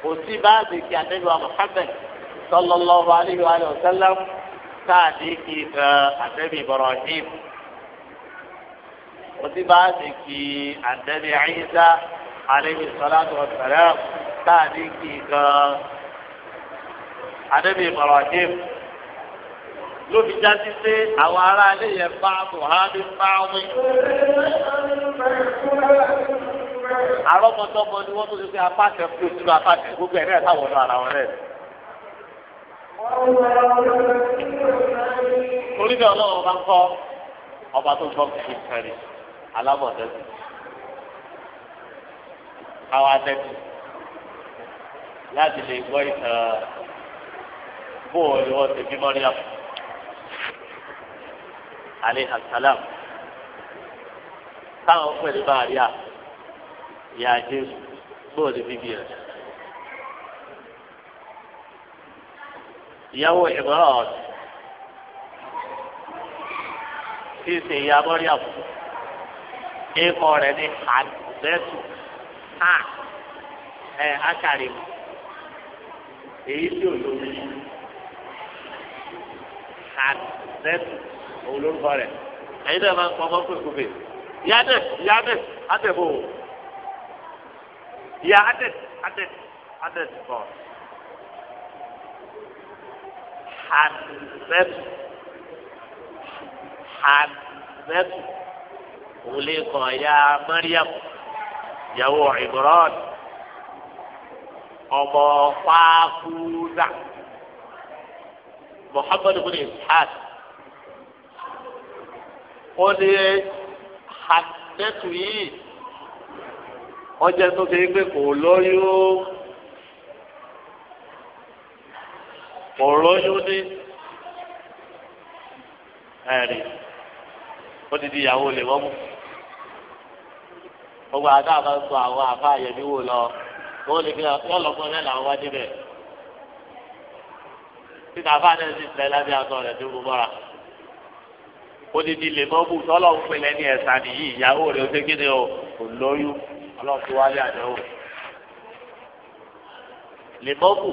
kò sí báàgì kí àdéhùn Muhammad sallallahu alayhi wa sallam káàdì kí àdébì Ibrahim kò sí báàgì kí àdébì Isa salatu wa salam káàdì kí kan adébí Ibrahim ló fi jáde pé àwọn ará ilé yẹn bá buhari bá wí. àrọ́mọdọ́mọ ni wọ́n tó ti fi apá kẹ́ fún ìṣúná apá kẹ́ gbogbo ẹ̀ náà táwọn ọ̀nà ara wọn náà torí bí ọlọ́run bá ń kọ́ ọba tó ń kọ́ kìí kẹrì alábọ̀dẹ́sì àwọn adẹ́sì láti lè gbọ́ ìtàn bó o ni wọ́n ti bí mọ́ríyàm aleyhi salam táwọn pẹ̀lú bá a rí a ìyá jésù bó o ni bíbí rẹ̀. ìyàwó ìmọ̀ràn tí ń ṣe ìyá mọ́ríàm ikọ̀ rẹ̀ ní àdẹ́tù a ẹ̀ akari èyí tí ò lómi yìí àtẹ́tù òun lórúkọ rẹ̀ ẹ̀yin náà máa ń pọnmọ́ pèkúpè ìyá dẹ̀ ìyá dẹ̀ adẹ̀ bò wò ìyá adẹ̀ adẹ̀ adẹ̀ bọ̀ àtẹ́tù àtẹ́tù òun lè kọ̀ ya Mariam ìyàwó Ibrahim ọmọ fàákúrúdà muhammad bin ishaq ó ní hanẹ́tù yìí ọjà tó ṣe pé kò lóyún kò lóyún ní ẹ̀rí ó ti di ìyàwó lè wọ́n mú gbogbo àdáàbá sọ àwọn àfa tí kàfá náà sì tẹ lábẹ́ aṣọ rẹ̀ tó gbogbo ra odidi lè mọ́ bù tọ́lọ̀ ń pinnu ẹni ẹ̀sà nìyí ìyàwó rẹ̀ ó ṣe kí ni o kò lóyún ọlọ́run ti wálé àdánwò lè mọ́ bù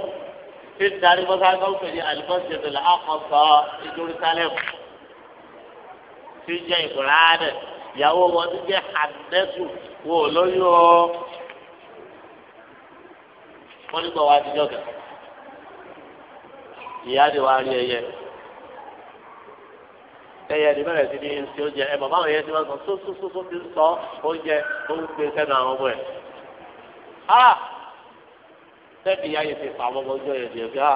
tí ń darí mọ́sáńgá ń pèlè àlùmọ́sẹ̀tò là ákọ̀ọ́sọ ní Jerusalem tí jẹ́ ìkùránẹ̀ ìyàwó wọn ti jẹ́ hànẹ́sù wò lóyún o wọ́n nígbà wá àtijọ́ kẹ́kọ̀ọ́ ìyá ni wàá rí ẹyẹ ẹyẹ ni bẹ̀rẹ̀ sí ní ṣe oúnjẹ ẹ bàbá àwọn ẹyẹ ti máa sọ sósósósó ti ń sọ oúnjẹ ó ń gbé sẹ́nu àwọn ọmọ ẹ̀ á sẹ́ni ìyá yìí ti fà ọmọ ọjọ́ yẹn ni ẹ̀fí á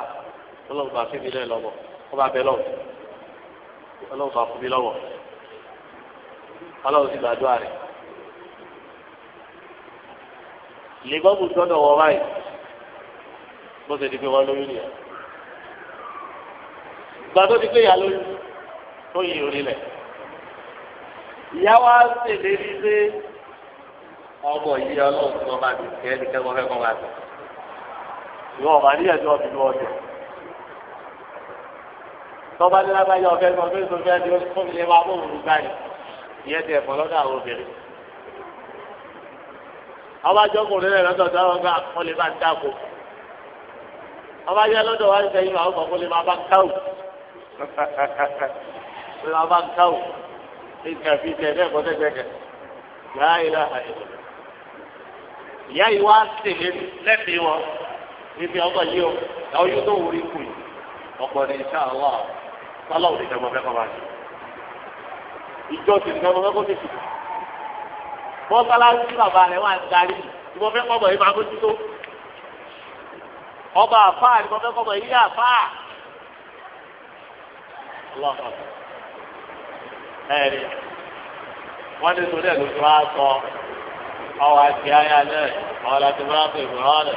ọlọ́run bá fún mi náà lọ́wọ́ ó bá bẹ lọ́wọ́ ọlọ́run bá fún mi lọ́wọ́ ọlọ́run sì gbàdúrà rẹ̀ lè gbọ́ bùsọ́dọ̀ wọ báyìí bó ṣe di pé wọ́n lóyún nìyẹn gba tó ti pé ìyá lóyún tó yí orí lẹ̀ ìyá wa ṣèlè ní pé ọmọ yìí ọlọ́run tí wọ́n bá ti kẹ́ ẹni kẹ́kọ̀ọ́ fẹ́ kọ́ bá ti ìwọ ọ̀bà níyà tí wọ́n fi lọ ọjọ́ tọ́ba ní lágbájá ọ̀fẹ́ kan fẹ́ sọ fẹ́ ni ó fún mi lé wa bó wù ú báyìí ìyẹn ti ẹ̀fọ́ lọ́dọ̀ àwọn obìnrin ọba jọkùnrin rẹ lọ́dọ̀ tó àwọn gbà wọ́n lè ń dáko ọba yẹ lọ́dọ̀ wá ń sẹ́yìn àwọn kan kó máa bá ń káwù lọ́wọ́ bá ń káwò ní kàfi tẹ̀ ní ẹ̀kọ́ tẹ́gbẹ̀kẹ̀ láàyè láàyè. ìyá yìí wá tèlé lẹ́mí wọn níbi ọgbà yìí o àwọn yóò tó wúri kù yìí ọ̀pọ̀ ní insha Allah sálọ̀ òní ìjọba fẹ́ kọ́ máa ṣe. ìjọ sì ní ọmọ mẹ́kọ́ tètè. wọ́n bá láti sí bàbá rẹ̀ wá ń darí ìbọn fẹ́ kọ́ bọ̀ yìí máa bójútó. ọba àfáà ìbọn fẹ́ kọ́ bọ̀ yìí àfáà. الله أكبر ẹ̀rí wọ́n ní sọ́dẹ̀ ló ti wá sọ ọwọ́ àti ayá náà ọ̀rọ̀ àti búrọ́dù ìbúrọ́dù.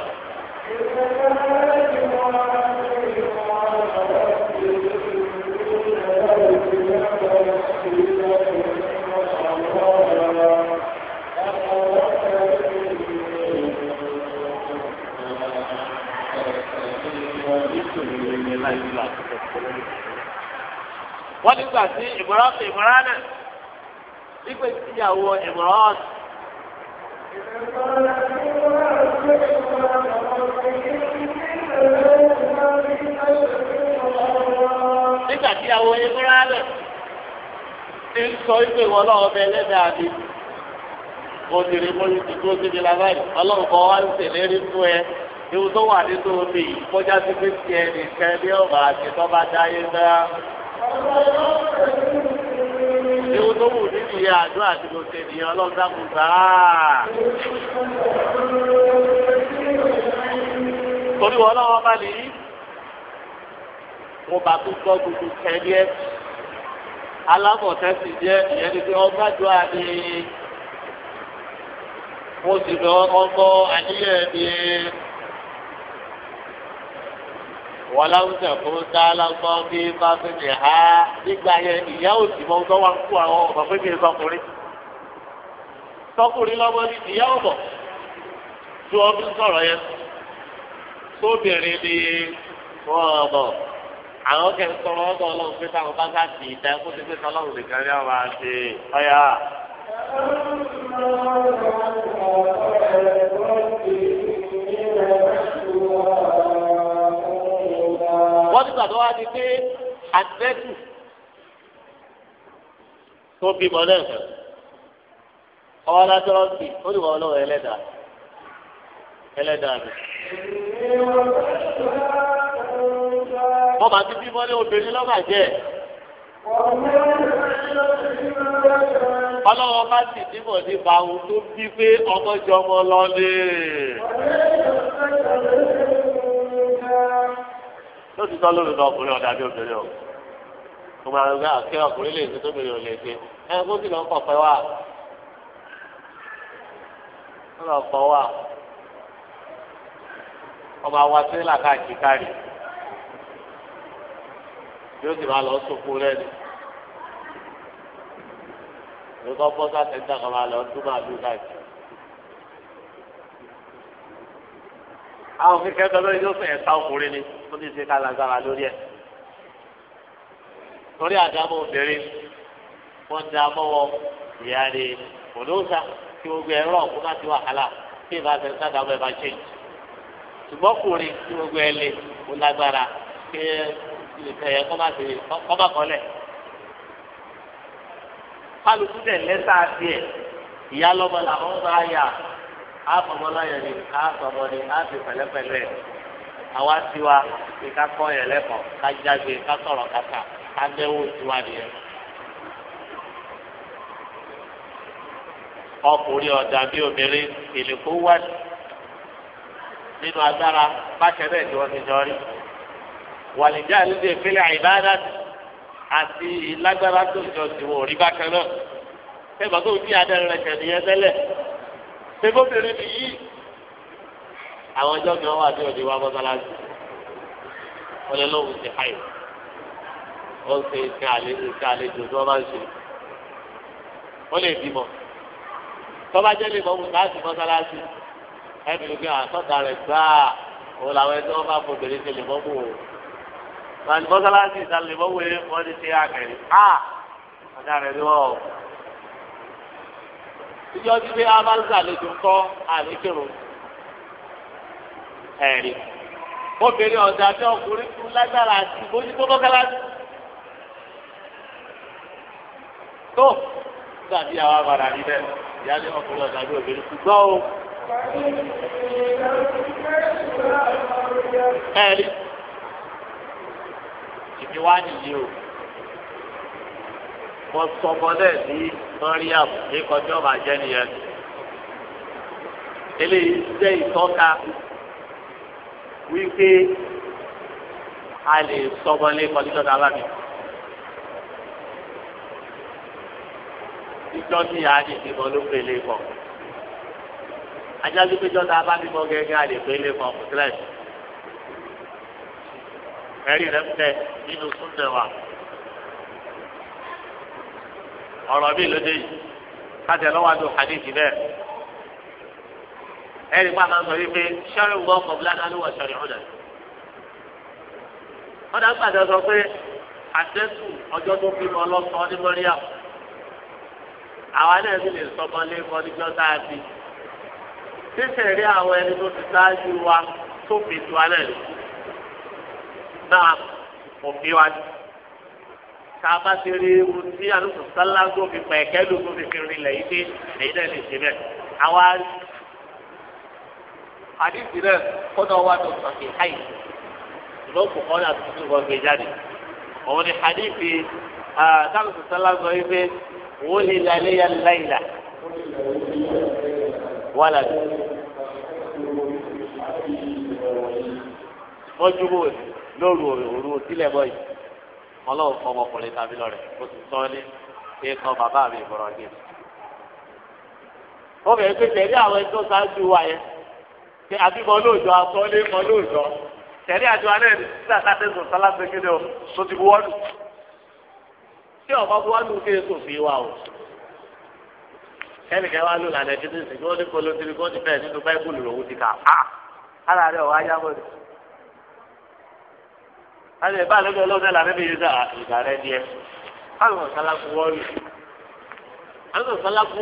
Thank you. wọ́n nígbà tí ìmọ̀ràn ìmọ̀ràn náà nígbà tí ìyàwó ìmọ̀ràn. nígbà tí ìyàwó ìmọ̀ràn náà ti ń sọ ìpè wọn lọ́wọ́ bẹ lẹ́dàá mi obìnrin mọ́lú ti dúró síbi lábá yìí ọlọ́run kan wá ń tẹ̀lé rí fún ẹ ewu tó wà nínú omi yìí kọjá sí pé tiẹ̀ nìkan ní ọ̀bà àti tọ́ba dáyé náà ewu tó wù nínú ìyá àdó àti lòtẹ̀ ènìyàn ọlọ́dà kù gbà á. torí wọn lọ́wọ́ bá lè yí wọn bá tó gbọ́ gbogbo kẹ́ni ẹ́ alámọ̀tẹ́sì jẹ́ ìyẹn ni pé ọgbà jọ àní mo sì lọ ọgbọ́ àníyàn ni wọn láwùjọ fún sálágbọ bí fásitì ha nígbà yẹn ìyá òsì mọ tó wà ń kó àwọn ọmọ pé kí sọkùnrin sọkùnrin lọ́mọ ní ìyá ọmọ tí wọn fi yẹn sóbìnrin ni wọn ọmọ àwọn kẹ ń sọ̀rọ̀ ọ̀dọ̀ pé táwọn bá káàkiri ìta ẹkú ti pé tọlọ́run nìkan ní ọmọ àti ọyà. Thank you wọ́n ti gbàdọ́ wá di pé àtẹ́kù tó bímọ lẹ́ẹ̀kan ọwọ́ alájọ́rọ́ bì ó lè wọ́n lọ́wọ́ ẹlẹ́dàá ẹlẹ́dàá mi. wọ́n máa ti bímọ ní obìnrin lọ́gàjẹ́ ọlọ́wọ́ bá sì dìbò nípa ohun tó bí pé ọmọ jọmọ lọ lé ló ti sọ lórí lọ ọkùnrin ọ̀dà bí obìnrin o gbogbo àwọn ọgbà àti ọkùnrin lè ṣe tóbìnrin ò lè ṣe ẹ kó sì ń kọ̀pẹ́ wà ó lọ kọ́ wà ọba wa tírélà káàkiri káàkiri yóò sì máa lọ sóko lẹ́nu lóko bọ́sà sẹ́ńtà kan máa lọ dún máa dún káàkiri. àwọn kékeré kan lóye yóò fẹ́ ẹ̀ta ọkùnrin ni ó ní ṣe ká lágbára lórí ẹ̀ torí àdámọ́ obìnrin wọ́n da mọ́wọ́ ìyá rẹ̀ òdòdó kí gbogbo ẹ̀rọ ọ̀kúnná ti wàhálà kí ìbá fẹ́ sáà dábọ̀ ẹ̀bá ṣe ṣùgbọ́n kùnrin kí gbogbo ẹ̀ lè ó lágbára kí ìfẹ̀yẹ kọ́ má ṣe kọ́ má kọ́lẹ̀ kálukú dẹ̀ lẹ́sà díẹ̀ ìyá lọ́mọ làwọn bá yà á fọmọ láyọ̀ ni á fọmọ ni á fi pẹ̀lẹ́pẹ̀lẹ́ àwa tiwa pé ká kọ́ yẹn lẹ́kọ̀ọ́ ká jáde ká sọ̀rọ̀ kàkà ká dẹ́wò tiwa nìyẹn. ọkùnrin ọ̀dà bí obìnrin ìlẹ̀kọ́ wá nínú agbára bákẹ́ bẹ́ẹ̀ ni wọ́n ti jọ rí. wàlìjà lílé ìpínlẹ̀ àìbáadá àti ìlágbára tó jọ sí wọn rí bákan náà. ẹ bàtà òbí adẹ́rẹ́ rẹ̀ kẹ̀ àwọn ọjọ́ kan wà tí òde wá mọ́sálásí wọ́n lé lóhùn sí háì wọ́n ṣe ìsìn àlejò ìsìn àlejò tí wọ́n bá ń ṣe wọ́n lè bímọ tọ́ba jẹ́ lè mọ̀mú láti mọ́sálásí ẹ̀mí ló gbé àtọ́ta rẹ̀ gbáà òun làwọn ẹni tí wọ́n bá fòbìnrin ṣe lè mọ́mú o láti mọ́sálásí ìsàlẹ̀ mọ́mú yẹn wọ́n ti ṣe àkẹ́rì á ọ̀dà rẹ̀ ni wọ́n ìjọ ti gbé abáńsà lè dùn kọ́ àníkèrò ẹ̀rí obìnrin ọ̀dà tí ọkùnrin kú lágbára àti ìbójútó mọ́kálásí. tó dàbí àwọn abàrà rí bẹ́ẹ̀ ìyáálé ọkùnrin ọ̀dà bí obìnrin kú gbọ́ o. ẹ̀rí ìbí wá nìyí o wọ́n sọ ọmọdé ní Mariam ní kọjọ́ bàjẹ́ nìyẹn eléyìí jẹ́ ìtọ́ka wípé a lè sọmọ lé kọ́ńtínọ́tà alámi. ìjọ ní ìyá ni ìbọn ló pè lé kọ́. ajásí péjọ tá a bá bímọ gẹ́gẹ́ a lè pè lé kọ́ kùtìlẹ́sì. ẹ̀rí rẹ̀ ń tẹ nínú súnmẹ̀ wa. ọ̀rọ̀ mi ló dé yìí. ká tẹ̀ lọ́wọ́ àdó hadith bẹ́ẹ̀ ẹni pa máa ń sọ wípé sọ́ọ̀rì wọ́n kọ̀ bílánà ló wọ̀ sọ́ọ̀rì ọ̀dà. wọ́n dá gbàdá sọ pé àtẹ́sù ọjọ́ tó bímọ ọlọ́sọ ní mọ́ríyàm. àwa náà sì lè sọmọ lẹ́kọ́ níjọ́ tá a bí. sísè rí àwọn ẹni tó ti sáájú wa tó fi tu alẹ́ lò. náà òfin wa ni. tá a bá ti rí ewu tí alùpùpù sálá tó fi pẹ̀kẹ́ lò tó fi fi rinlẹ̀ yìí dé èyí náà lè ṣe bẹ́ẹ̀. àwa àdìsí rẹ̀ kọ́nà wà tó sọ̀kì háì ṣùgbọ́n kò kọ́nà tó tún kọ́ gbé jáde òun ni àdìsí sábàtì sọlá sọ yìí pé wọ́n lè lálẹ́ yà láìlà wà lálẹ́ mọ́júmọ́ lóru òru sílẹ̀ bọ́ yìí ọlọ́run fọ ọmọkùnrin tàbí lọ́rẹ̀ ó ti sọ ní pé kọ́ bàbá mi ìbọ̀rọ̀ gé. ó bẹ̀rẹ̀ pé tẹ̀lé àwọn ẹni tó wa yẹn pé àbímọ lóòjọ́ àtọ́lé mọ lóòjọ́ tẹ̀lé àjọ alẹ́ nígbà táté sùn sálá ṣe kéde o tó ti bu wọ́lù tí ọ̀bá bu wọ́lù kéde tó fi wà o ẹnì kan wá lò lànà ìdílé ìsìn kí wọ́n ní kolo tìrì kó ti bẹ̀rẹ̀ nínú báíbùlù lòun ti kà á ara rẹ̀ wá yá bọ̀dù. láti ẹ̀ bá lóbi ọlọ́dẹ lànà bí yíyá ìgbà rẹ̀ díẹ̀ káwọn sálá bu wọ́lù káwọn sálá bu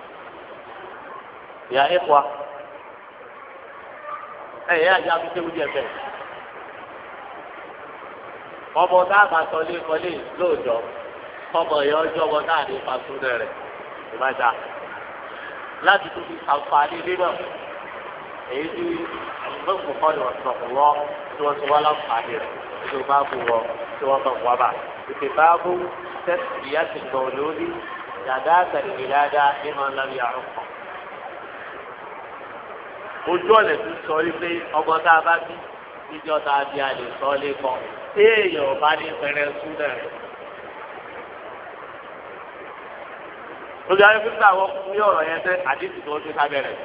ìyá ẹ̀kọ́ ẹ̀yẹ́ àjà fi kéwú jẹ bẹ́ẹ̀. ọmọ táàbà sọlé kọlé lóòjọ́ ọmọ ìyá ọjọ́ ọmọ náà ní fasúnẹ̀ rẹ̀ ìbájá láti tún fi àǹfààní nínú èyí tí àlùfẹ́kùn kọ́ ni wọ́n sọ fún wọn tí wọ́n ti wá láǹfààní rẹ̀ tí wọ́n bá bù wọn tí wọ́n bá wà bá ìpè báàbù tẹ́sí ìyá ti gbọ̀n lórí yàrá àtàlẹ́ ìlàdá nínú ọ̀nà ìyàrá kan. ojú ọ̀lẹ̀ tó sọ wípé ọmọ tá a bá bí níjọ́ tá a bí a lè sọ lé kan tí èèyàn bá ní pẹrẹ súnà rẹ̀. lójú ayé fífún àwọn fún yẹn tẹ́ àdìsí tó ń sábẹ́rẹ̀.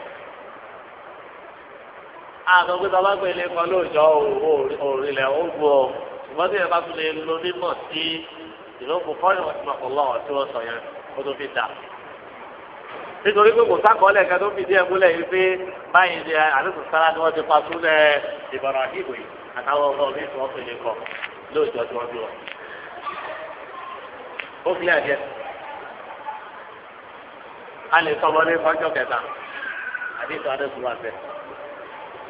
àtọ́ pé bàbá pé ilé kan lóòjọ́ òrìlẹ̀ ó gbọ́ ọ ṣùgbọ́n tí nítorí pé kò sákọọ́lẹ̀ kan tó fi díẹ̀ múlẹ̀ yìí pé báyìí ni àdúgbò sára ni wọ́n ti pa súnlẹ̀ ìbọ̀rọ̀ àdìgbò yìí àtàwọn ọmọ mi tí wọ́n fi lè kọ lóòjọ́ tí wọ́n bí wọn. ó fi àjẹ a lè sọ wọlé fọjọ́ kẹta àdìgbò àdìgbò wà bẹ́ẹ̀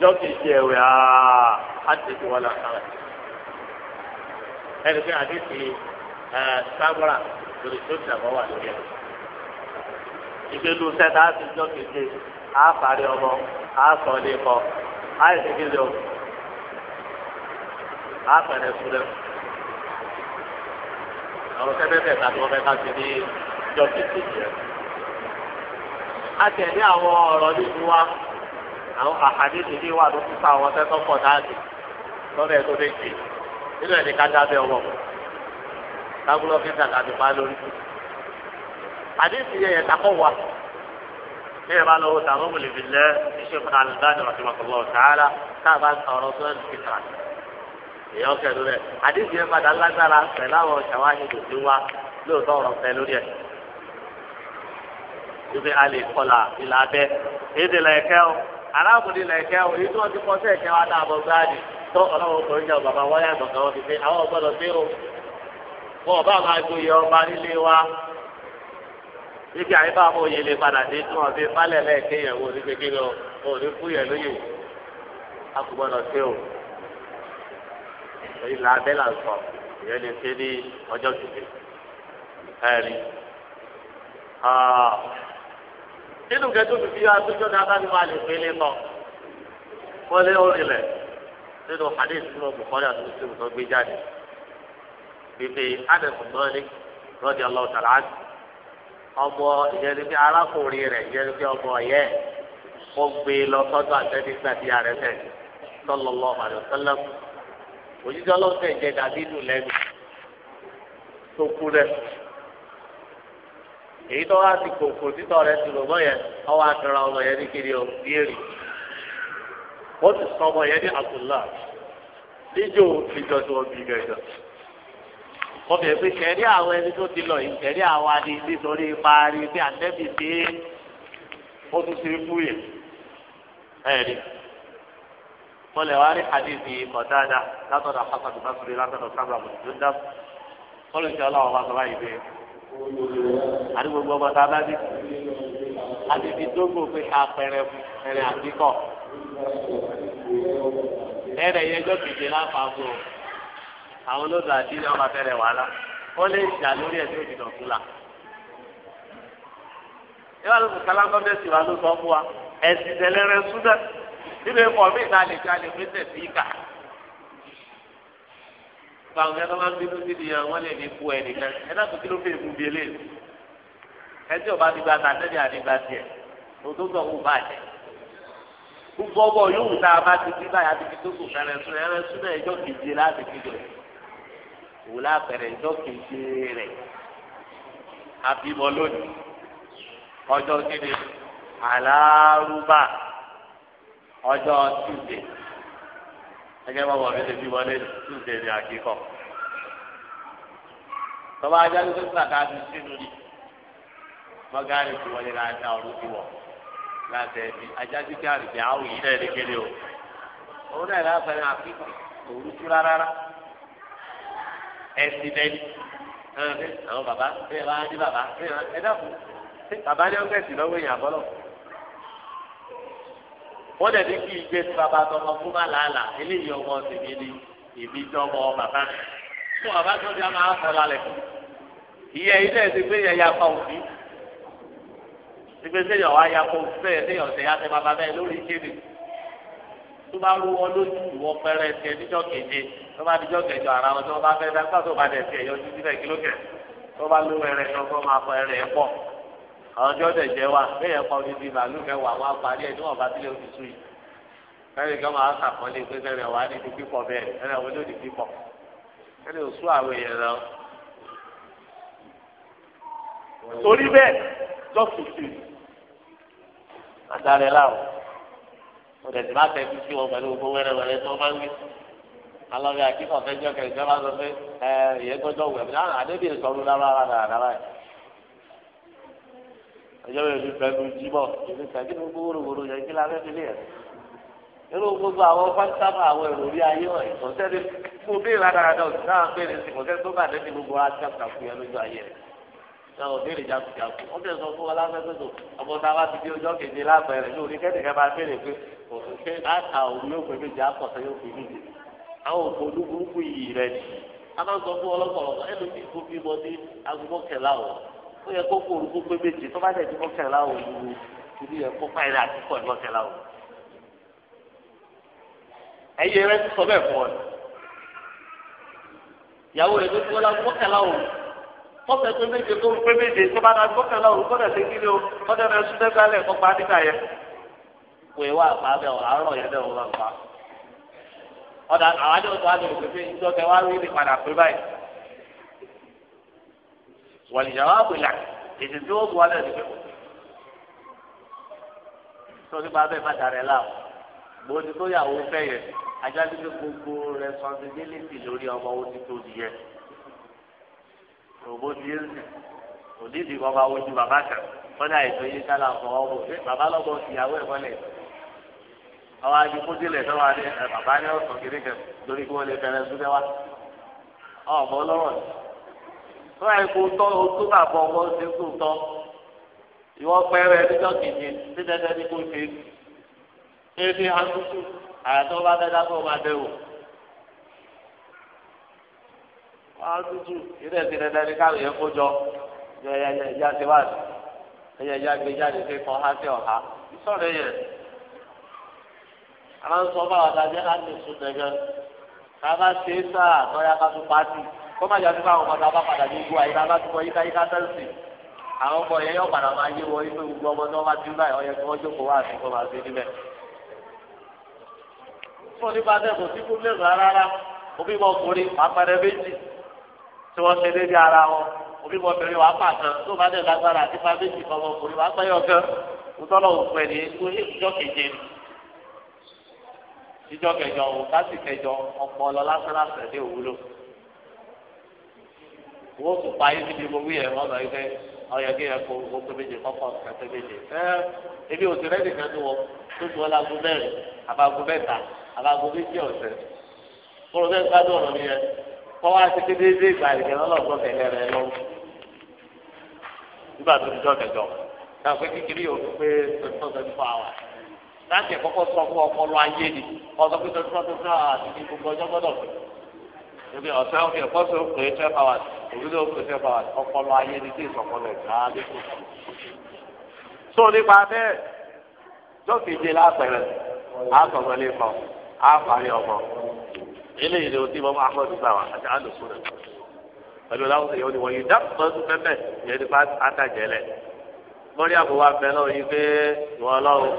lọ́kì ṣe ẹ̀wẹ̀ àdìgbò wà lásán ẹni pé àdìgbò sábúrà lórí tó ti àbọ̀wà lórí ẹ̀ ìgbélu sẹ́ta á ti jọ kéde á parí ọmọ á sọ ní kọ á yẹ kékeré o á pẹ̀lẹ́ fúnlẹ̀ àwọn sẹ́fẹ́fẹ́ tàbí wọn fẹ́ ká ti ní jọ kéde yẹn. a tẹ̀lé àwọn ọ̀rọ̀ nínú wa àwọn àhàdé ti ní wà ló ti fa àwọn sẹ́tọ́ pọ̀ dáàbì lọ́dọ̀ ẹ̀ tó dé jì nínú ẹ̀ ní ká dábẹ́ ọmọ kábúlọ́ fífà tàbí pa lórí tuntun. àdéhùn yẹn yẹn takọ wa bẹ́ẹ̀ bá lọ́wọ́ tà ló wọlé bilẹ̀ iṣẹ́ fún alùpàdé rahimahullah ta'ala káàbá sọ̀rọ̀ sọ́ọ̀nù fitra èèyàn kẹ́lu rẹ̀ àdéhùn yẹn padà lágbára pẹ̀lú àwọn ṣàwáyé tó ti wá lóòótọ́ ọ̀rọ̀ pẹ̀ ibi àyíká àwọn òye lè padà dé tí wọn fi falẹ̀ lẹ́ẹ̀kẹ́ yẹn wo ní kékeré o ò ní fún yẹn lóye a kò gbọdọ̀ ṣe o èyí là abẹ́ là ń sọ ìyẹn lè ṣe ní ọjọ́ kìíní ẹ̀rí nínú kẹtù bíbí àtúnjọ dáadáa ni wọn lè pélé lọ wọlé orílẹ̀ nínú hadith tí wọn Bukhari àti Muslim tó gbé jáde bíbí adẹ̀kùn náà rọ́dí ọlọ́ọ̀tàlá àti ọmọ ìyẹn ni pé arákùnrin rẹ ìyẹn ni pé ọmọ yẹ kó gbé e lọ sọ́dọ̀ àtẹni gbàdí ààrẹ tẹ sọlọlọ àdùsọlọ òjijì ọlọsẹ jẹ dàbí inú lẹ́nu tó kú rẹ èyí tó wá ti kòkò títọ rẹ ti lòmọ yẹ ọwọ́ àtẹrà ọmọ yẹ ní kiri ọmọ yẹrì ó ti sọ ọmọ yẹ ní àtúnlá níjó ìjọ bí gẹ́gẹ́ wọ́n bẹ̀rẹ̀ pé kẹ̀rí àwọn ẹni tó ti lọ yìí kẹ̀rí àwọn adi nítorí parí bí àtẹ́bí dé ó tún ti kú yẹ ẹ̀rí wọ́n lè wá rí hadithi kọ̀dáadáa látọ̀dọ̀ hasan basiri látọ̀dọ̀ sábà mọ̀tòdá wọ́n lè ṣe ọlọ́wọ́ bá sọ́wọ́ yìí bẹ́ẹ̀ àti gbogbo ọmọ tá a bá dé àti ti dógò pé apẹ̀rẹ̀ ẹ̀rẹ̀ àdìkọ̀ ẹ̀rẹ̀ yẹn jọ́ kìí láǹfààní o àwọn olóòtú àdínlẹ̀ ọmọ abẹ́rẹ́ wàhálà wọ́n lè jà lórí ẹ̀sìn òjì dọ̀tún là. ìwà lóko kálákọ́ mẹ́sì wa ló sọ fún wa ẹ̀sìn tẹ̀lẹ́rẹ́ súnà nínú ẹ̀kọ́ mi ìta lè ta lè pèsè sí ìkà. ìgbà wọn kẹ́kọ̀ọ́ máa ń bínú sí ìdíyàn wọ́n lè ní kú ẹnìkan ẹ náà tó kí ló fẹ́ mú bi eléyìí. ẹtí ọ̀hún bàjẹ́ gbogbo ọgbọ yóò wù tá a bá ti fi báyà ti fi tó kù fẹrẹ sún ẹrẹ sún náà ẹjọ́ kejì láti fi dùn wòlá bẹ̀rẹ̀ ìjọ kejì rẹ̀ abimọ lónìí ọjọ́ kíni alárúbà ọjọ́ tuesday ẹgbẹ́ bọ́bọ̀ mi lè bímọ lónìí tuesday ní akíkọ tọ́ba ajá ló ń sàkà sí sínú ni mọ́gàrí ti wọlé láta ọ̀rọ̀ ti wọ̀ láti ẹbí ajá kíkẹ́ àrùbí àwọn yìí náà ní kéde o òun náà láti àkíkọ òun tú rárá ẹsìn lẹ́yìn àwọn bàbá ẹ bá ní bàbá ẹ dàpọ̀ bàbá ní ọ̀gá ẹ̀sìn lọ́wọ́ èèyàn àbọ́lọ̀ wọ́n dẹ̀ kí ìgbé tí tọmọ fún bá làálà eléyìí ọmọ tèmi ni èmi tọmọ bàbá mi fún bàbá tó ti máa sọ lálẹ́ ìyẹ́ ilé ẹ̀ ti gbé yẹ ya pa òfin ìgbésẹ̀ yọ̀ wá ya pa òfin bẹ́ẹ̀ sẹ́yọ̀ sẹ́yà sẹ́ bàbá bẹ́ẹ̀ lórí kéde tó bá rú wọn lójú ìwọ pẹrẹ ẹsẹ̀ níjọ́ kéde tó bá dijọ́ kẹjọ ara wọn tó bá fẹ́ dá gbàtó bá dẹ̀ tiẹ̀ yọjú sílẹ̀ kí ló kẹ̀ tó bá ló ẹrẹ tó kọ́ máa fọ ẹrẹ yẹn pọ̀ àwọn ọjọ́ tẹ̀ jẹ́ wa bẹ́ẹ̀ kọ́ ní ti màlúù mẹ́wàá wọn parí ẹ̀ níwọ̀n bá tilẹ̀ oṣù yìí kẹ́rin kan máa sàkọ́lé pé kẹ́rin wà ní ti pípọ̀ bẹ́ẹ̀ ẹ̀rẹ̀ wọlé òdì pípọ̀ kẹ́rin ò sún àwọn èèyàn lọ. torí bẹ́ẹ̀ lọ́kùtù àtàrẹ láwọn ọ̀dẹ̀ tí má fẹ́ fi sí wọn pẹ̀lú gbogbo wẹ́rẹ́wẹ́rẹ́ tó máa ń gbé sí alọ́bí akíkọ̀ fẹ́ jọ kẹ̀kẹ́ máa sọ pé ẹ ìyẹn gbọ́dọ̀ wẹ̀ mí náà ah, àdébí ìsọ̀rọ̀ lára rárá rárá ẹ̀. ọjọ́ bẹ̀rẹ̀ fi fẹ́ lu jímọ̀ èmi sàkí ni gbogbo wòlòwòlò yẹn kí lábẹ́ fi lé ẹ̀. irú gbogbo àwọn fásitì àwọn èrò orí ayé wọ̀nyí kò sẹ́ni mo bí ìlànà rẹ̀ náà náà ń bèrè sí kò sẹ́ni tó bá dẹ́ni gbogbo ajáfùjáfù yẹn lójú ayé rẹ̀ náà ò béèrè jáfùjáfù ó bẹ̀rẹ̀ sọ fún wa láfẹ́ pẹ̀tọ̀ ọmọ tá a bá ti àwọn òfòlù burúkú yìí rẹ ni aláǹsọ fún ọlọ́pọ̀lọpọ̀ ẹnu tí kò bímọ ní agogo kẹlá o ó yẹ kó kóoru kó pé méje tó bá dẹ̀ bí mọ́kẹlá o lu ìlú yẹ kó fáyìlì àtúkọ̀ ní mọ́kẹlá o. ẹyẹ rẹ ti sọ bẹ́ẹ̀ fún ọ ìyàwó rẹ tó ti wọlé mọ́kẹlá o kọfẹ pé méje tó pé méje tó bá dàgbọ́ kẹlá o kọ́dà sí kí ni o kọ́dà rẹ sún dẹ́gbẹ́lẹ̀ kọ́ pa nígbà yẹn. pè wá àpá bẹ́ẹ̀ àárọ̀ ọ̀dà àwọn àdéhùn àdéhùn pépé ìjọ tẹ wá rí padà pé báyìí. wọ̀lì ìyàwó àpèlà èsì tí wọ́n bu wálé ẹ̀dùn pépé. tó nípa abẹ́ má darẹ̀ láàmú gbòdì tó yàwó fẹ́ yẹ ajá tí pé gbogbo responsibility lórí ọmọ owó ti tó nìyẹn. òbó ti yé sí òdìdí kọ́ máa wojú bàbá kan wọ́n ní àìsàn yìí sálà fọwọ́ bò bàbá lọ́gbọ́n ìyàwó ẹ̀ mọ́lẹ̀ àwọn adigunjalè tó wà ní ẹ bàbá ní ọ̀sán kékeré lórí kí wọ́n lè fẹ́rẹ́ súnlẹ̀ wá ọ̀bọ lọ́rọ̀ ni tó ẹ̀ kó tọ́ o tó ọmọ ṣe kó tọ́ ìwọ pẹ́rẹ́ níjọ́ kìíní tí tẹ́tẹ́ ní kó ṣe é ní àtúntò àyàtọ̀ bá tẹ́tẹ́ kó máa dẹ̀ wò àtúntò ìdẹ̀ ti tẹ́tẹ́ ní káwé yẹn kó jọ ti wá àwọn sọ fún àwọn àtàjẹ láti sùn dẹgẹ ká bá ṣe é sáà lọ́yà ká tún pàtì kó má jáde fún àwọn ọmọdé abá padà ní igbó àyíká bá tún bọ yíká yíká tẹ́sì àwọn ọmọ yẹn yóò padà máa yé wọ inú gbogbo ọmọ náà wá sí báyìí ọyẹ kí wọ́n jókòó wá sí kó máa ṣe níbẹ̀. fún nípa bẹ́ẹ̀ kò sí fúnlẹ̀ rárá òbí mọ ọkùnrin wàá pẹrẹ méjì tí wọ́n ṣe déédéé ara wọn òbí mọ obìnrin wàá pà kan tó bá dẹ̀ lágbára àti fa méjì fọmọkùnrin wàá pẹ́yọ̀ kan òtọ́lọ́ òpin ní ikú ìjọ jíjọ kẹjọ wò kásì kẹjọ ọpọlọ lásánlásán ẹdẹ òwúlò wọ́n tún pa ayé níbi gbogbo yẹn wọ́n lọ ẹgbẹ́ ọyọ kí ẹ kó gbogbo méje kọ́kọ́ kẹtẹ méje ẹ ebi òsè rẹ nìkan tó wọ tó tún ọlá ago mẹ́rin abago mẹ́ta abago méjì ọ̀sẹ̀ kóró fẹ́ gbádùn ọ̀rọ̀ mi yẹn kọ́ wá sí kéde ìgbà ìgbẹ́ lọ́lọ́gbọ́n kẹ̀kẹ́ rẹ lọ́wọ́ nígbà tó ti jọ́ kẹjọ náà kékeré yóò fi pé twenty four twenty láti ẹ̀kọ́kọ́ sọ fún ọpọlọ ayé ni ọsọ pé tuntun tó fún àti ní gbogbo ọjọ́ gbọ́dọ̀ pé ebi ọ̀sẹ̀ ọ̀fẹ́ ẹ̀kọ́ sọ pé twelve hours òbí ló pé twelve hours ọpọlọ ayé ni tí ìsọpọlọ ẹ̀ka lè kó nípa bẹ́ẹ̀ jọ́kèje lápẹ̀rẹ̀ àtọ̀gbọ́n lè kọ́ àfààní ọmọ eléyìí ni o ti mọ́mọ́ ahmed sáwà àti alùpùpù rẹ̀ pẹ̀lú láwùjọ yẹn ni wọ́n yìí dáàbò mọ́rí àbúwá abẹ́ náà yí pé ìwọ ọlọ́run.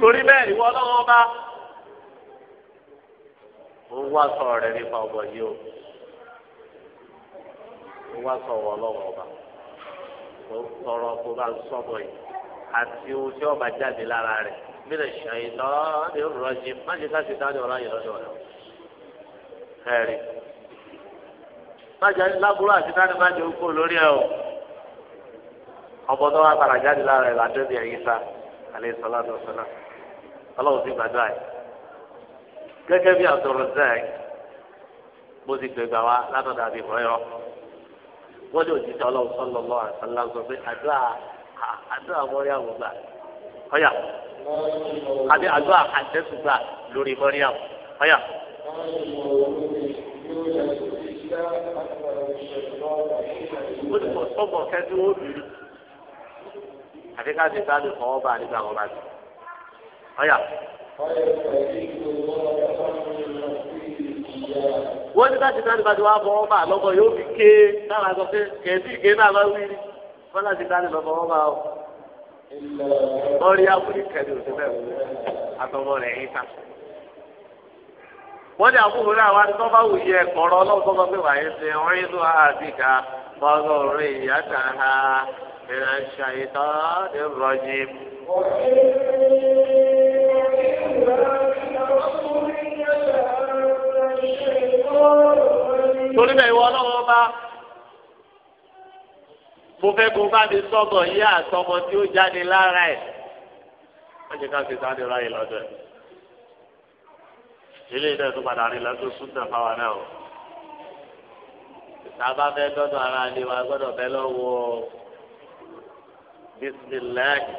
torí bẹ́ẹ̀ ìwọ ọlọ́run ọba mo ń wá sọ̀rọ̀ rẹ nípa ọmọ yìí o mo wá sọ̀rọ̀ ọlọ́run ọba mo ń sọ̀rọ̀ kó bá ń sọ̀rọ̀ yìí àti ohun tí ọba jáde lára rẹ̀ mílẹ̀ ṣàyìn lọ́ọ́ ní rọ́ọ̀jì má ṣe ká ṣe dání ọ̀rọ̀ yìí lọ́dọ̀ rẹ̀ ẹ̀rí májà lábúrò àti tani májà ń kó lórí ẹ o ọmọ tó wá padà jáde lára ẹ làdó ní ẹyin sá alẹ́ sọlá tó sọlá ọlọ́run ti gbàdúrà yìí gẹ́gẹ́ bí àtọ̀rọ̀ zẹ́ẹ̀ bó ti gbẹgbà wá látọ̀dà àbí ìfọ̀yọ́ wọ́n ní òjijì ọlọ́run sọ́lọ́ lọ́wọ́ àtàlá sọ pé àdúrà àdúrà mọ́ríàmù gbà ọ̀yà àbí àdúrà àdẹ́sùgbà lórí mọ́ríàmù ọ̀yà ó ti pọ̀ sọ́gbọ̀n kẹ́tí ó bì í àti ká ti bá mi kọ́ bá nígbà wọn bá ti ọ̀yà. wọ́n ní káṣí náà nípa tí wọ́n fọwọ́ bá lọ́kọ̀ yóò fi ké náà sọ pé kẹ̀sí ìké náà bá wí wọ́n láti ká nípa fọwọ́ bá o. wọ́n rí abúlé kẹ́lẹ́ òṣèlú ẹ̀ àtọwọ́ rẹ̀ yín ká wọ́n ní àbúrò náà wá ní tọ́ba wù yẹ kọ̀rọ̀ ọlọ́run tó bá pé wàá ṣe orin inú àdìgá bọ́ọ̀lù orin ìyá kan ha ìrìn àṣà ìtàn ní rọjì. torí bẹ́ẹ̀ ìwọ ọlọ́wọ́ bá mo fẹ́ kó bá mi sọ́mọ yé àtọmọ tí ó jáde lára ẹ̀ wọ́n ti ká fi sáré ráyè lọ́dọ̀ ẹ̀ ilé iná tó padà rí lọ́dún súnà fáwa náà o sábà fẹ́ dọ́dọ̀ ara ni wa gbọ́dọ̀ fẹ́ lọ́wọ́ bisimilahi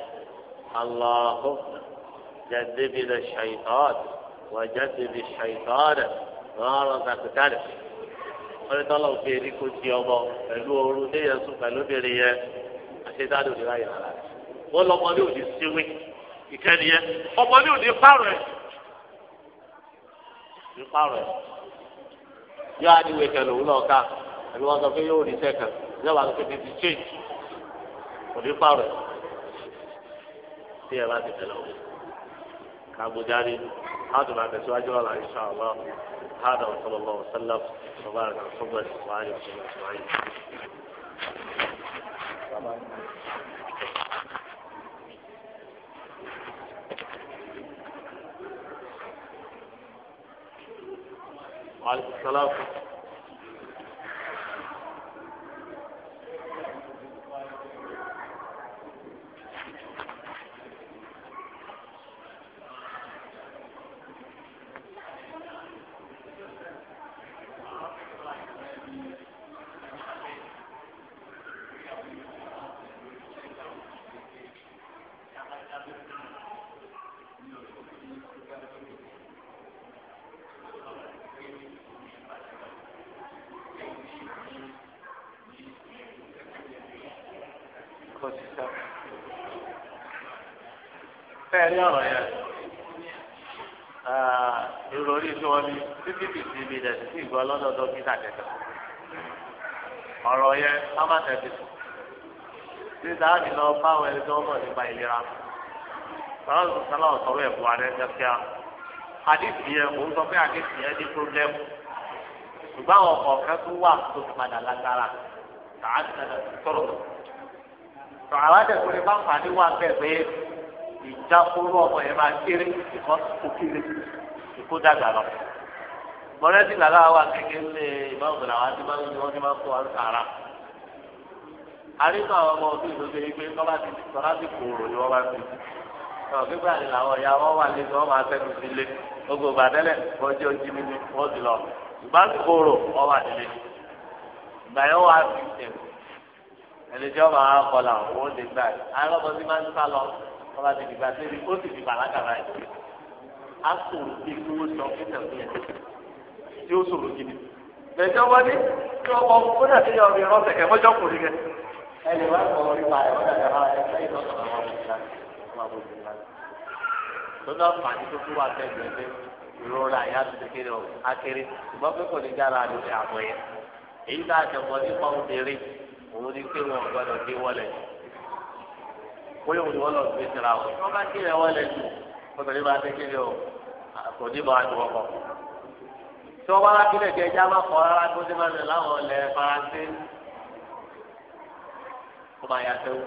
allahu jẹ́dẹ́bi lè ṣàìtọ́d wà jẹ́dẹ́bi ṣàìtọ́d rọrùn kàkútàdì wọ́n tọ́lọ̀ fi èrí kó ti ọmọ pẹ̀lú ooru ní yẹn sùn pẹ̀lú obìnrin yẹn àṣetádùn ní láyé rárá wọ́n lọ́mọ ní òní síwí ìkẹ́ni ọmọ ní òní fárẹ̀ ìparọ̀ ẹ̀ yóò adiwe kẹ lòun náà ká àbí wọ́n sọ pé yóò rí sẹ́kẹ̀ yóò wá sọ pé ti change kò ní parọ̀ ẹ̀ tí ẹ bá ti tẹ̀lé òun kàgbọ́dárí hádù máa tẹ̀síwájú ọ̀la ìṣá ọ̀la hádà ọ̀sọ́lọ́lọ́ ọ̀sọ́lọ́ ọ̀bá rẹ̀ ọ̀sọ́gbẹ̀sì wáyé ọ̀sọ́gbẹ̀sì wáyé. wàhálà sàlámù. rí ọ̀rọ̀ yẹn ìròrí tí wọ́n ní títí títí ibi rẹ̀ sí ìgbọ́ lọ́dọ̀ dókítà kẹta ọ̀rọ̀ yẹn sábàtẹ̀tì títà á ti lọ bá àwọn ẹni tó mọ̀ nípa ìlera sọlá sọlá ọ̀sọ̀rọ̀ ẹ̀bùn alẹ́ gẹ́gẹ́ àdìsí yẹn mò ń sọ pé àdìsí yẹn ní pírọ́blẹ́mù ṣùgbọ́n àwọn ọ̀kẹ́ tó wà tó ti padà lágbára tàà ti sọ̀rọ̀ tọ̀ ìjákóró ọmọ yẹn máa kéré ìkọ́ kó kéré ìkó dàgbà lọ. mọ̀lẹ́dì làlá wa kékeré lé ìbáwò gbọ̀dọ̀ àwọn àti báwo ni wọ́n ti máa kó wa ń sàrà. àríkà àwọn ọmọ òbí ìlú bíi pé tọ́lá ti tọ́lá ti kòòrò ni wọ́n máa fi. ọ̀ gbígbà ni làwọn ọ̀yà wọn wà lé ni wọ́n máa fẹ́nu sí ilé gbogbo gbàdẹ́lẹ̀ wọ́n ojú mi ni wọ́n ti lọ. ìgbà kòòrò wọ́n wà nílé. ìgbà yẹn wà fi tẹ̀ ẹni tí wọ́n máa kọ ọba ti dìgbà débi ó sì dìgbà lágàrà yìí á sòrò bí kí wọ́n sọ fún ìtàn yẹn tí ó sòrò gidi. bẹ̀jọ́ wọ́n ní tí wọ́n kọ́ ó dàbí yọ ọ̀rẹ́ rọ́ọ̀sẹ̀ kẹ́ mọ́jọ́ kò rí kẹ́. ẹnì wá kọ orí wa ẹ̀wọ́n dàgbà máa ẹ̀ ṣe ìtọ́sọ̀ náà wọ́n ti gbà ìrora àyà tuntun kiri o akiri ṣùgbọ́n pé kò ní dára lórí àbọ̀ èyí tá a jọ mọ nípa obìnrin òun ni pé wọn gbọdọ̀ gé wọlé bóyá òun ni wọ́n lọ gbé tẹ̀ra o wọ́n bá kí ẹ̀ wọ́n lẹ̀ jù obìnrin bá ti kí ni o kò ní bọ̀ àti wọ́pọ̀. tí wọ́n bá wá kílẹ̀ kí ẹja má kọ́ rárá tó ti máa ń lẹ̀ láwọn ọ̀lẹ̀ faransé kó máa yà sẹ́wọ́.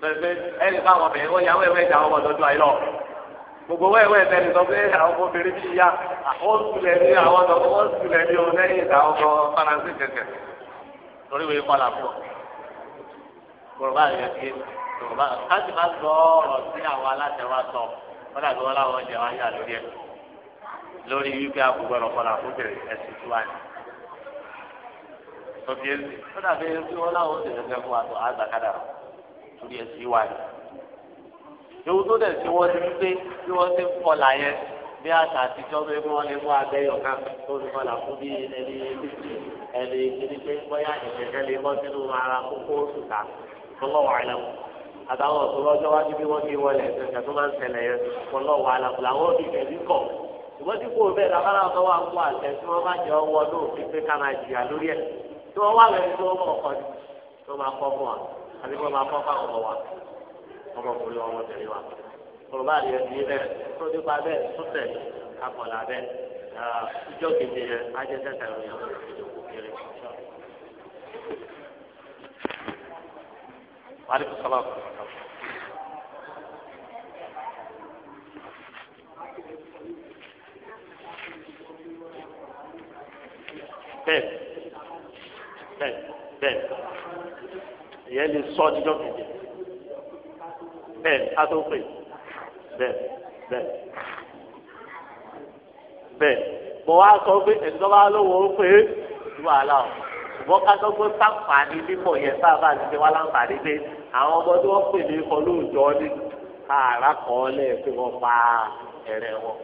pẹ̀lú ẹni báwọn obìnrin wọ́n yà wẹ́wẹ́ ìjà ọmọ lọ́dún gbogbo wẹ́wẹ́ ìfẹ́ni sọ pé àwọn obìnrin bíi ya àwọn sùlẹ̀ ní àwọn ọ̀dọ́ wọn sùlẹ̀ ní o lẹ́yìn ìta ọkọ̀ faransé kẹ̀kẹ́ torí wọ́n kọ́ làbọ̀ bọ̀rọ̀ báyìí yorùbá káàsì máa gbọ́ ọ̀rọ̀ sí àwọn aláṣẹ wa sọ wọn dàbí wọn láwọn ọjà wa yà lórí ẹ lórí wípé àkùgbọ ọ̀rọ̀ kọlà fún bèrè ẹsùn tí wà ní. sọfí ẹsì wọn dàbí wípé wọn láwọn ọjà ẹsẹ fún wa àgbàkadà lórí ẹsùn wà ní. ewu tó dẹ̀ sí wọn ni wípé bí wọ́n ti kọlà yẹn bí àṣà àtijọ́ bí wọ́n lè mú abẹ́yọ̀ kan tó ti kọlà fún bí ẹni ẹni kiri pé bóyá ìṣẹ̀ṣẹ̀ lè bọ́ sínú ara kókó sùtà tó lọ́wọ́ àìlẹ́wọ̀n àtàwọn ọ̀tún lọ́jọ́ wájú bí wọ́n ti wọlé ẹ̀sẹ̀ tó máa ń ṣẹlẹ̀ yẹn ọlọ́wọ́ àlàkùlà wọ́n fi tẹ̀lé kọ̀ ṣùgbọ́n tí kò bẹ́ẹ̀ lábára ọ̀tọ́ wa kó àṣẹ tí wọ́n bá jẹ́ ọwọ́ náà fi pé ká máa jìyà lórí ẹ̀ tí wọ́n wà lẹ́yìn tó mọ̀ ọkọ ni tó máa kọ́ fún wa àbí wọ́n máa kọ́ fáwọn ọmọ wa ọmọkùnrin ọmọbìnrin وعليكم السلام bẹ́ẹ̀ bẹ́ẹ̀ bẹ́ẹ̀ ìyẹn lè sọ ọdíjọ kejì bẹ́ẹ̀ atópè bẹ́ẹ̀ bẹ́ẹ̀ bẹ́ẹ̀ mo wá sọ pé ẹni tó ṣùgbọ́n ká dọ́gbọ́n sáǹfààní mímọ̀ yẹn sábà ti ṣe wá láǹfààní pé àwọn ọmọ tí wọ́n pè ní ikọ̀ lóòjọ́ ní ààrá kan lẹ̀ pé wọ́n pa ẹ̀rẹ̀ wọn.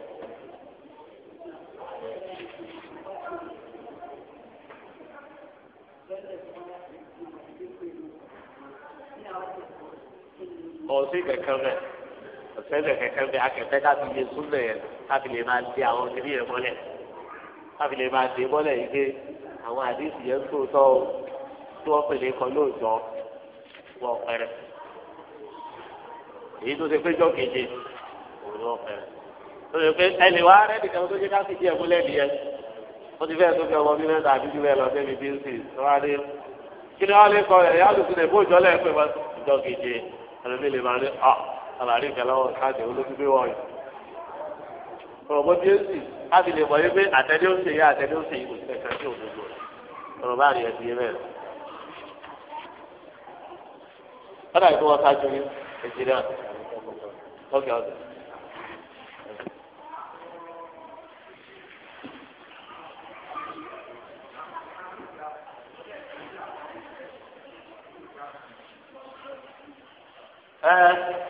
ọ̀sẹ̀ kẹ̀kẹ́ rẹ̀ ọ̀sẹ̀ kẹ̀kẹ́ rẹ̀ akẹ́kẹ́ káfí lè súnlẹ̀ yẹn káfí lè máa di àwọn kiri yẹn mọ́lẹ̀ káfí lè máa di mọ́lẹ̀ yìí àwọn àdéhùn yẹn tó tọ́ o tí wọ́n pèlè kan lóòjọ́ wọ́n pẹ̀rẹ̀ èyí tó ṣe pé jọ́ keje òun ni wọ́n pẹ̀rẹ̀ tó ṣe pé ẹnì wa rẹ̀ nìkan tó ṣe ká sì díẹ̀ múlẹ̀ nìyẹn ó ti fẹ́ẹ́ tó fi ọmọ bí mẹ́ta àbí jù lọ débi bí ń sì sọ́wádé kí ni wọ́n lè kọ ẹ̀yà lùkù lè bójú ọlẹ́ pé wọ́n jọ keje ẹlòmí lè máa ní ọ ah, àlàrí ìkẹlẹ́wọ̀n káàdì olóṣùgbé wọ̀nyí. ọ̀rọ̀ bó bí ń sì á fi lè mọ̀ yí pé àtẹ̀lé ọ̀rọ̀ bá rí ẹbí rẹ̀. ọ̀dà ìfowópamọ́ ṣáájú ní èsì náà ọ̀gá ọ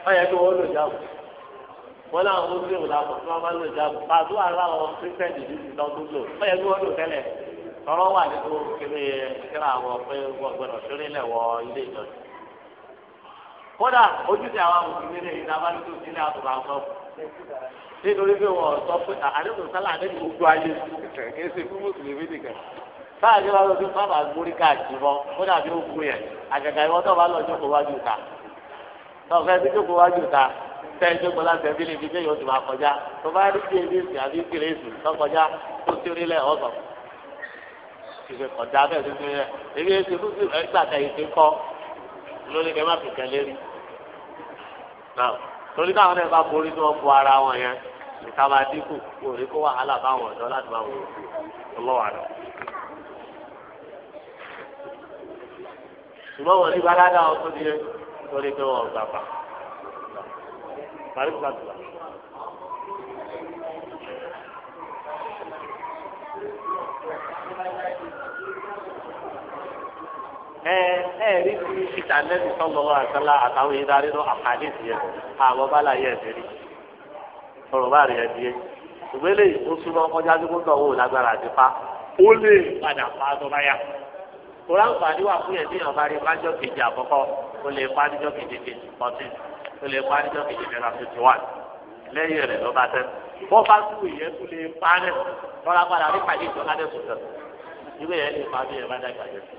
ọyẹ kí wọn lò jáàbù wọn làwọn muslim làwọn tó wọn bá lò jáàbù pàtó àlọ àwọn christian ìdílé ti lọ tó lò ọyẹ kí wọn lò tẹ́lẹ̀. tọrọ wà nínú kiri kíra àwọn pé wọn gbọ́dọ̀ sórí lẹ wọ ilé ìjọsìn kódà ojúṣe àwọn mùsùlùmí lè yí sọ nítorí pé wọn sọ pé sálà gbogbo ayé ṣe fún mùsùlùmí nìkan káàdé wa lọ́dún má bàa gbórí káàkiri mọ́ ó dàbí ó gbó yẹn àgàgà ìwọ́n tó bá lọ jókòó wájú ta náà fẹ́ẹ́ jókòó wájú ta tẹ́ jókòó láti ẹbí ìfẹ́ kọjá bẹ́ẹ̀ tó fẹ́ ebi ẹsẹ̀ lójú ẹgbà tẹ ìfẹ́ kọ́ lórí kẹ́ má fi kẹ́lé rí náà torí káwọn náà bá borí tí wọ́n bu ara wọn yẹn nìkan máa dínkù kò ní kó wàhálà báwọn ọ̀dọ́ láti máa wò ó lọ́wọ́ àná. ṣùgbọ́n wọn ní balada ọtún ni torí pé wọn ò ẹ ẹ rí ti ìta nẹ́ẹ̀sì sọ́gbọ́n àtàlà àtàwọn yìí darí lọ àkàdésì yẹn àwọn bálá yẹn ti rí ọ̀rọ̀ bá rí ẹ di yé ìgbélé tó súnmọ́ kọjá tó kótó owó lágbára àti pa ó lè padà pa tó bá yá kóra ń fàdí wà fún yẹn tí yàn bá rí májọ kejì àkọ́kọ́ ó lè pa níjọ́ kejì kejì fourteen ó lè pa níjọ́ kejì kẹta fifty one lẹ́yìn rẹ̀ ló tẹ́ bọ́ bá ìyẹn tó lè pa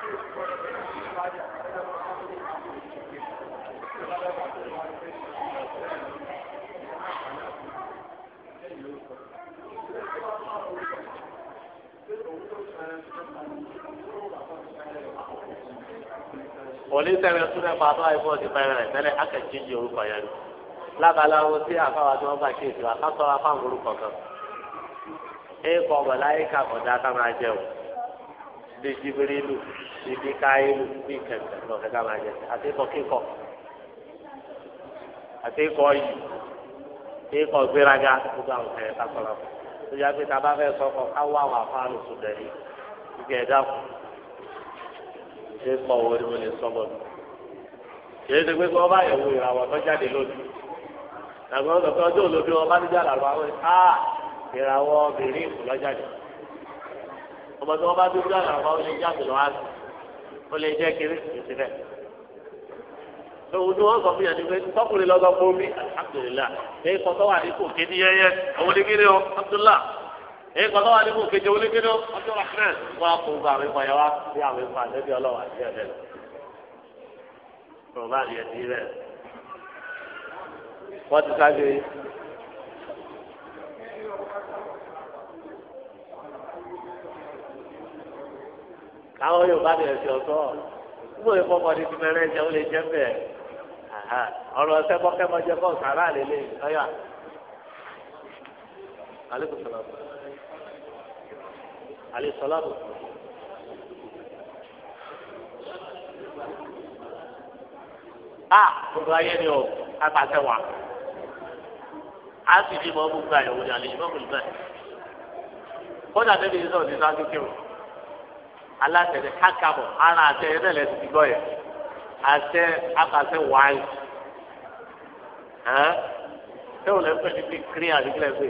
òní sẹ́mi tún ẹ̀ pàtó àìfọ́ ti pẹ́rẹ́ rẹ̀ tẹ́lẹ̀ akẹ́kẹ́ jí orúkọ yẹn lábala wo sí àfáwà tí wọ́n bá kéèsì wa kásọ̀ afáwọn orúkọ kan ẹ kọ ọ̀gbọ̀n láyé ká kọjá ká máa jẹ o bí jibirilu bí bíkáyélu bí kẹ̀kẹ́ lọ́kẹ́ ká máa jẹ àti yìí gbéraga gbogbo àwọn kẹ̀kẹ́ kọ́ tó yá pé tá a bá fẹ́ ká wá àwọn ṣé kọ owó ni mo lè sọ bọ̀ kìí ṣe pé kí wọ́n tó jáde lónìí àgbọn ọ̀sọ̀kan ọjọ́ olóbi wọn bá ní àwọn a ìràwọ̀ bìrì ọmọ tí bá ó lè jáde àti ó lè kiri sọ fún ni pé tọkùnrin fún mi wà ní èyí kọ́ lọ́wọ́ ní kò kéde wọlé kéde ọjọ́ rahman wọ́n á kó gba àwọn ìkọ̀ wá sí àwọn ìkọ̀ àtẹ́bí ọlọ́wọ́ àti ẹ̀bẹ̀ lọ. rọ̀bá yẹn ti rẹ̀ wọ́n ti sáré. káwọn yóò bá bẹ̀rẹ̀ sí ọ̀tọ̀ gbogbo ìfọ̀ kọ́ni ti mẹ́rẹ́ jẹ́ ó lè jẹ́ bẹ́ẹ̀ ọ̀rọ̀ ọ̀sẹ̀ kọ́kẹ́ mọ́ jẹ́ kọ́ sàrà lélẹ́yìn ọ̀yà. عليه الصلاة والسلام a gbogbo ayé ni o apàṣẹ wa a sì fi mọ gbogbo àyẹ̀wò ní àlejò mọ́kùnrin bẹ́ẹ̀ kódà débi yìí sọ̀rọ̀ nínú akékeré alátẹ̀lé kákàbọ̀ ara àtẹ ẹ̀rẹ́ lẹ́sìn ti gbọ́ yẹn àtẹ apàṣẹ wáyé ẹ̀ ṣé o lè pè ní bí kiri àdúgbò ẹ̀ pé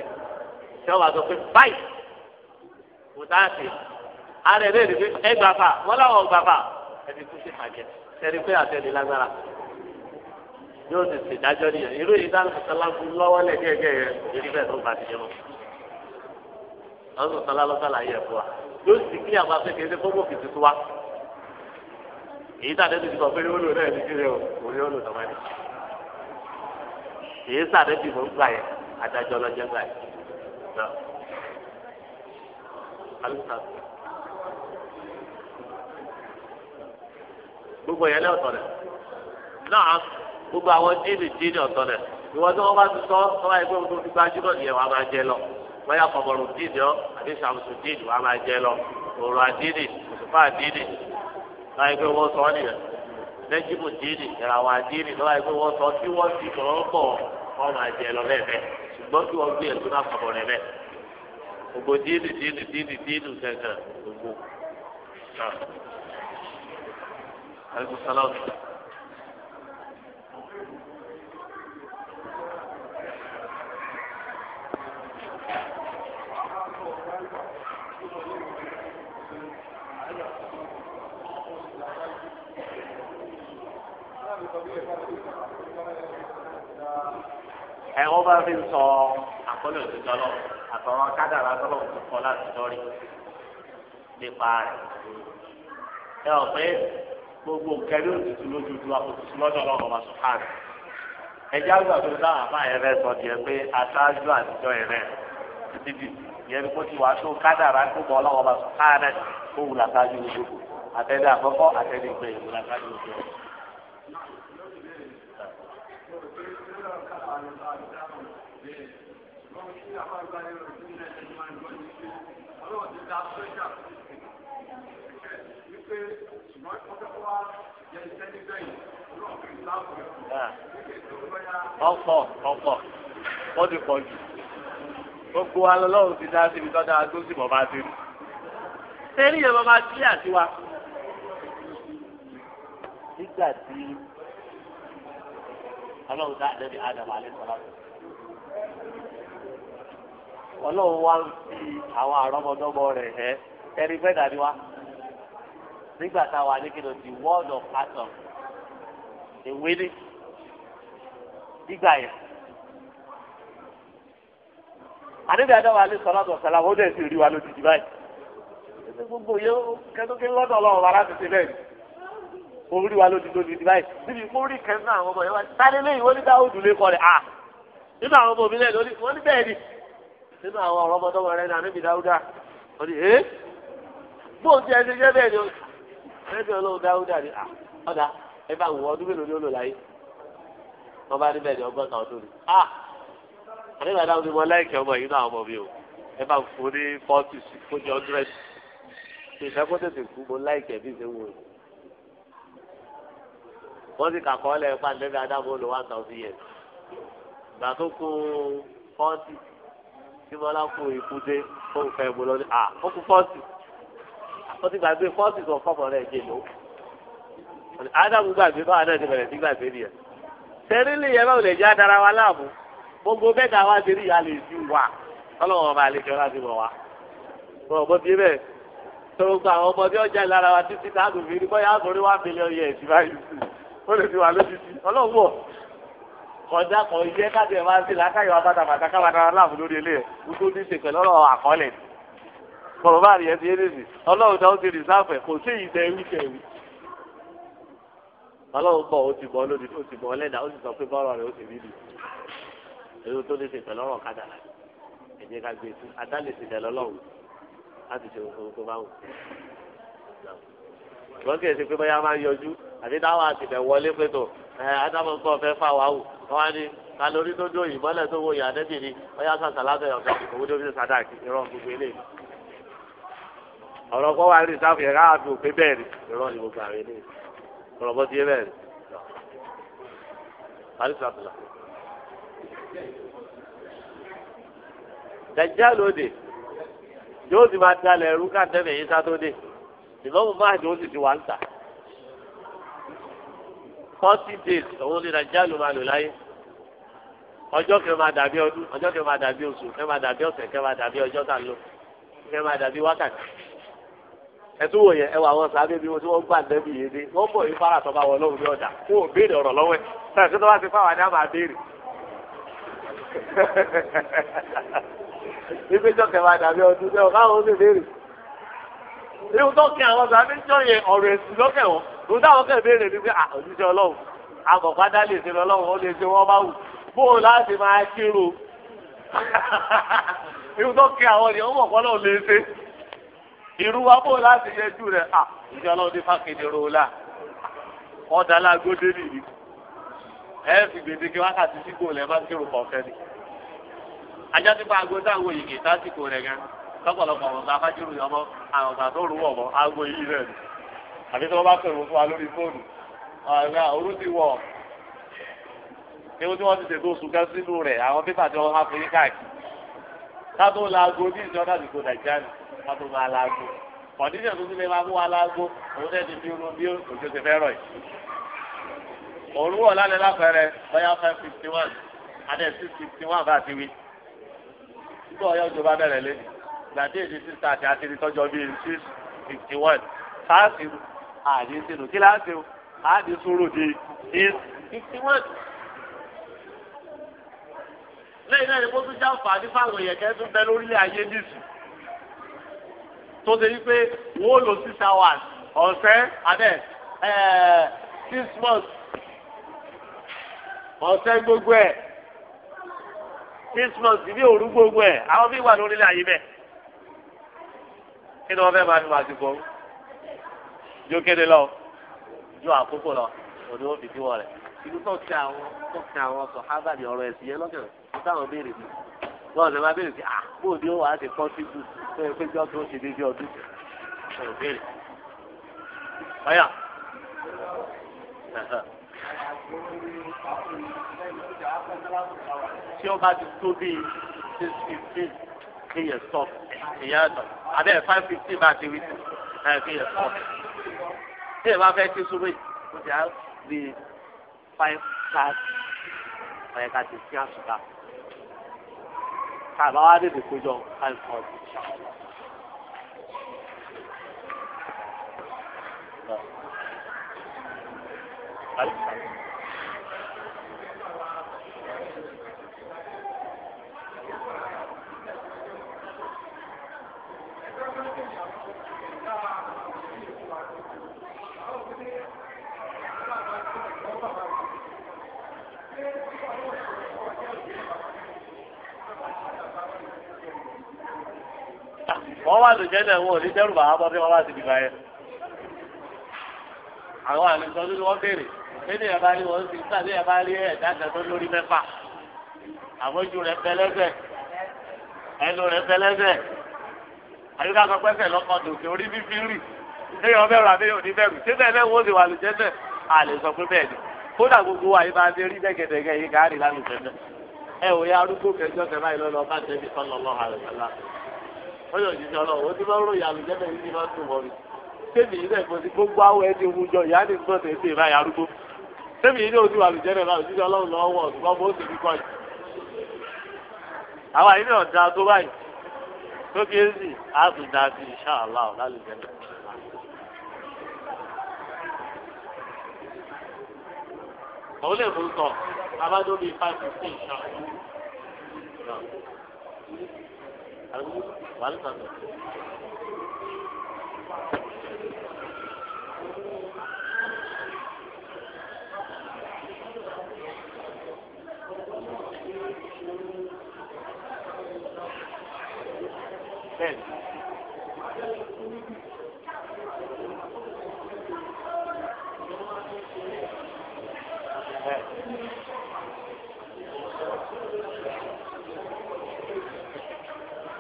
ṣé o sọ pé báyìí. mùtáàtì ara ẹ̀ lè ẹ gbàfà wọ́n láwọn gbàfà ẹni kú sí àjẹ yóò ti ṣe ìdájọ́ nìyẹn irú yìí dáná sọláńkú lọ́wọ́ lẹ̀ gẹ́gẹ́ yẹn èyí bẹ́ẹ̀ ló bá ti yẹ wọn. lọ́sùn sọlá ló sàlàyé ẹ̀fọ́ wa yóò fi wa. èyí ti sọ pé olú ti o òní olú tọ́mọ ni. èyí sàdé ti mọ̀ alùpàdé gbogbo yẹn lé ọ̀tọ̀ náà gbogbo àwọn díìnì díìnì ọ̀tọ̀ ìwọ tí wọ́n bá ti sọ wọn nìyẹn wàá lọ ọ sàmùsùn wàá máa jẹ lọ òṣùpá wọn sọ nìyẹn wọn sọ ti lọ kí gbé náà gbogbo díìlì díìlì díìlì díìlì gàgà gbogbo náà. aleykum salaam. ẹ wọ́n bá fi sọ àkọlé òtítọ́ lọ́wọ́ àtàwọn kádàrá tó lọ́wọ́ tó kọ́ láti lọ́rí nípa rẹ̀. ẹ ọ̀ pé gbogbo nǹkan ní òtútù lójoojú àkótútù lọ́dọ̀ lọ́wọ́ ọmọ sùhánù. ẹjẹ́ àgbà tó dá àbá yẹn rẹ sọ tiẹ̀ pé aṣáájú àtijọ́ yẹn rẹ títí yẹn kó ti wá tó kádàrá tó bọ̀ lọ́wọ́ ọmọ sùhánù kó wù látàjú gbogbo àtẹ̀lé àkọ́kọ́ àtẹ̀lé ìgbẹ̀yìn wù látàjú gbogbo. ọlọ́wọ́ ti da sọ́jà wípé ṣùgbọ́n ọ̀pọ̀ wa yẹ ìṣẹ́ni bẹ́yìn ọlọ́wọ́ ti da sọ́jà. ọ̀pọ̀ ọ̀pọ̀ wọ́n ti pọ̀ jù gbogbo wa lọ́wọ́ ti dá síbi tọ́jà tó sì bọ̀ bá ti rí. sẹ́yìn yẹn bọ́ bá sí àti wa. nígbà tí ọlọ́run dá àdẹ́bí Ádámù alẹ́ sọ́lá tó. ọlọ́run wá ń àwọn àrọ́mọdọ́mọ rẹ̀ ẹni fẹ́ dàbí nígbà ní kí ló di of ni yẹn sọlá dẹ̀ rí wa lójijì báyìí gbogbo lọ́dọ̀ ọlọ́run wàrà tètè bẹ́ẹ̀ ni rí wa lójijì lójijì báyìí níbi mo rí àwọn ọmọ yẹn wá lẹ́yìn wọ́n ní dáhùn dùn lé ni. nínú àwọn ọ̀rọ̀ ọmọdọ́mọ rẹ ní anábì dáúdà wọ́n ní ee bóun ti ẹni jẹ́ bẹ́ẹ̀ ni o ẹni olóhùn dáúdà ni à ọ̀dà ẹ bá wù ọdún mélòó ni ó lò láyé wọ́n bá níbẹ̀ ni ọgbọ́n kan tó ni à àdébà dáúdà ni mo láìkẹ́ ọmọ yìí náà ọmọ mi o ẹ bá fún ní fọ́ọ̀tì sí kó jẹ́ ọdúrẹ́sì ìfẹ́ kó tètè kú mo láìkẹ́ bí ìfẹ́ wò wọ́n ti kàkọ́ lẹ̀ pàǹdẹ́bí adábọ̀ lò one thousand years gbà tó kún fọ́ọ̀tì tí mo lá fún ìfúdé tó ń fẹ́ mo lọ ní à ó kú fọ́ọ̀sì ó ti gbàgbé fọ́ọ̀sì tó fọ́ọ̀mù rẹ̀ jẹ lọ. ádámù gbàgbé báwa náà ti bẹ̀rẹ̀ sí gbàgbé nìyẹn. sẹ́rílì yẹn báwo lè jẹ́ adara wa láàmú gbogbo bẹ́ẹ̀ náà wá sí ìyá lè ju wa ọlọ́wọ́n ọba àlejò láti mọ̀ wá. mo rò bó bẹ́ẹ̀ tọrọ gba àwọn ọmọdé ọjà ìlara wa títí táàgùn fi rí bọ́yá àtòrí wá mílíọ̀nù yẹn ìsìn kọjá kan iṣẹ́ káàdì ẹ̀ máa ń ṣe làákàyọ̀ abátàbàtà kábàtà aláàbò lórí ilé ẹ̀ kó tó ní ṣe pẹ̀lú ọ̀rọ̀ àkọọ́lẹ̀ kọ̀rọ̀ bá rí ẹtì ẹ̀dẹ̀sì ọlọ́run náà ó ti rìsáàfẹ̀ kò sí ìtẹ̀ ẹ̀wí kẹ̀wí. ọlọ́run bọ̀ ó ti bọ́ lóde ó ti bọ́ lẹ́dà ó sì sọ pé bọ́ọ̀rọ̀ rẹ̀ ó ti rí bi èyí tó lè ṣe pẹ̀lú ọ̀rọ̀ kádà ẹ̀jẹ̀ ká gbé e sí adá lè ṣe tẹ̀lé ọlọ́run adamu kọ́ fẹ́ fà wá wò wọ́n á kalori tó dóyìn mọ́lẹ̀ tó wòye àdẹ́bì ni wọ́n sàn sàlátọ̀ yọ̀ ká owó tó fi sàdá kí irọ́ gbogbo eléyìí. ọ̀rọ̀ kọ́ wa rí sáfù yẹn káà fi òpé bẹ́ẹ̀ ni irọ́ ni gbogbo àwọn eléyìí ọ̀rọ̀ bọ́ sí yé bẹ́ẹ̀ ni. alisabula. dajá lóde yóò ti máa dalẹ̀ ẹrú káàtẹ́fẹ̀ yín sátó dé ìmọ̀mù máa jọ ó ti wà ń tà forty days òun ni nàìjíríà máa lò láyé ọjọ́ kẹ máa dàbí ọdún ọjọ́ kẹ máa dàbí oṣù kẹ máa dàbí ọ̀sẹ̀ kẹ máa dàbí ọjọ́ tá a lò kẹ máa dàbí wákàtí ẹtún wò yẹn ẹwà àwọn sábẹ́ bí wọn tí wọn gbà lẹbi yìí dé wọn bọ ìfara tọba wọn lọ́wọ́ ní ọjà fún òbéèrè ọ̀rọ̀ lọ́wọ́ ẹ sáà kí tó bá ti fáwọn ni a máa béèrè ìgbésọ *laughs* kẹwàá dàbí ọdún tẹ ọ káwọn ó sì béèrè. irú tó kí àwọn sábẹ́ jọ yẹn ọ̀rọ̀ òun táwọn kẹ́ béèrè ni pé ah, òṣìṣẹ́ ọlọ́run àmọ̀pádá lè ṣe lọ́lọ́run ó lè ṣe wọ́n bá wù bóun láti máa kírò *laughs* irú tó kí àwọn ènìyàn mọ̀ kọ́lọ́ lè ṣe irú wa láti rẹ̀ ah, òṣìṣẹ́ ọlọ́run ní ọ̀dà alágbódé nìyí ẹ fi gbèdéke wákàtí ni ajá ti pa táwọn rẹ̀ gan lọ́pọ̀lọpọ̀ ọ̀gá fájúrù yọmọ àwọn ọ̀gá tó rú ọ̀mọ́ yìí rẹ̀ ni. àbí tí wọ́n bá pèrò fún wa lórí fóònù ọ̀nà òru ti wọ̀ ewu tí wọ́n ti ṣètò oṣù kan sínú rẹ̀ àwọn pépà tí wọ́n máa fi káàkiri kátó laago ní ìjọba àdìgbò nàìjíríà kátó máa laago kọ̀díṣẹ̀ tuntun lè máa mú wa laago òun náà ti fi irun bí òjò ti fẹ́ rọ̀ yìí. òru wọ̀ lálẹ́ lápẹ̀rẹ̀ bóyá five fifty one adé six fifty one bá ti wí. nígbà ọ̀yọ́ ìjọba bẹ̀rẹ̀ lé gbàdé sísá àti àti bíi six fifty one fáàsì àdé sínú kí láti o àdé sóró de is fifty one. lẹ́yìn náà ni mo tún jáǹfààní fáwọn èèyàn kẹ́ tún bẹ lórílẹ̀ ayé nìsí tó ṣe wípé wọ́n lò six hours ọ̀sẹ̀ abẹ́ six months ọ̀sẹ̀ gbogbo ẹ̀ six months ìbí òru gbogbo ẹ̀ àwọn bí wà lórílẹ̀ ayé bẹ́ẹ̀ kí ni wọ́n fẹ́ máa fi máa ti bọ̀ ọ́ yóò kéde lọ ju àkókò lọ òní ó fi díwọ rẹ. ibi tó ti àwọn tó ti àwọn sọ harvard ọ̀rọ̀ ẹ̀sìn yẹn lọ́kàn tó táwọn béèrè mi wọn lè máa béèrè sí à bóò ni ó wàá ṣe pọ́sibú tó yẹ pé jọ́ tó ṣe déédéé ọdún tó yẹ béèrè. ọ̀yà. tí ó bá ti tó bíi six fifteen kéèyàn stop èèyàn àtọ̀ àbẹ́ five fifteen bá ti wí sí kéèyàn stop tí ẹ bá fẹ́ kí súnmọ́ yìí ti á bí five thirty ọ̀yẹ́ ká ti sí àṣùkà ká àbáwá dèdè kójọ five forty. Thank you. wọ́n wà lójẹ́ náà wọn ò ní dẹ́rù bàbá bọ́ bí wọ́n wà sí ibi báyẹn. àwọn àlùsọ tó ní wọ́n béèrè nínú ẹ̀ bá rí wọn sí sàlẹ̀ ẹ̀ bá rí ẹ̀dá kan tó lórí mẹ́fà àmójú rẹ̀ pẹlẹ́sẹ̀ ẹnu rẹ̀ pẹlẹ́sẹ̀ àyíká kan pẹ́sẹ̀ lọ́kàn dòkè orí fífi rì léyìn ọbẹ̀rù àbẹ́yẹ òní bẹ̀rù síbẹ̀ lẹ́wọ̀n ó sì arúgbó kẹjọ kẹ báyìí lọ́lọ́ bá tẹ̀lé sọ́lọ́ lọ́hàrẹ̀ sọ́lá wọ́n yóò jíjọ lọ ti máa ń ròyìn àlùjẹ́bẹ̀ yìí ti máa tún wọ́n mi. sẹ́mi yìí náà ìfọ̀sí gbogbo àwọ̀ ẹni wù jọ ìyá ni nǹkan tẹ̀ ṣe báyà arúgbó. sẹ́mi yìí náà ó ti wà àlùjẹ́bẹ̀ náà jíjọ lọ́wọ́ lọ́wọ́ ṣùgbọ́n mo sì fi kọ́ yìí. àwa yìí náà tó báyìí tó kí sì á tún da sí ìṣàlá ọ̀ lálùjẹ́bẹ̀. òun lè wàlùfàmù. Bẹ́ẹ̀ni.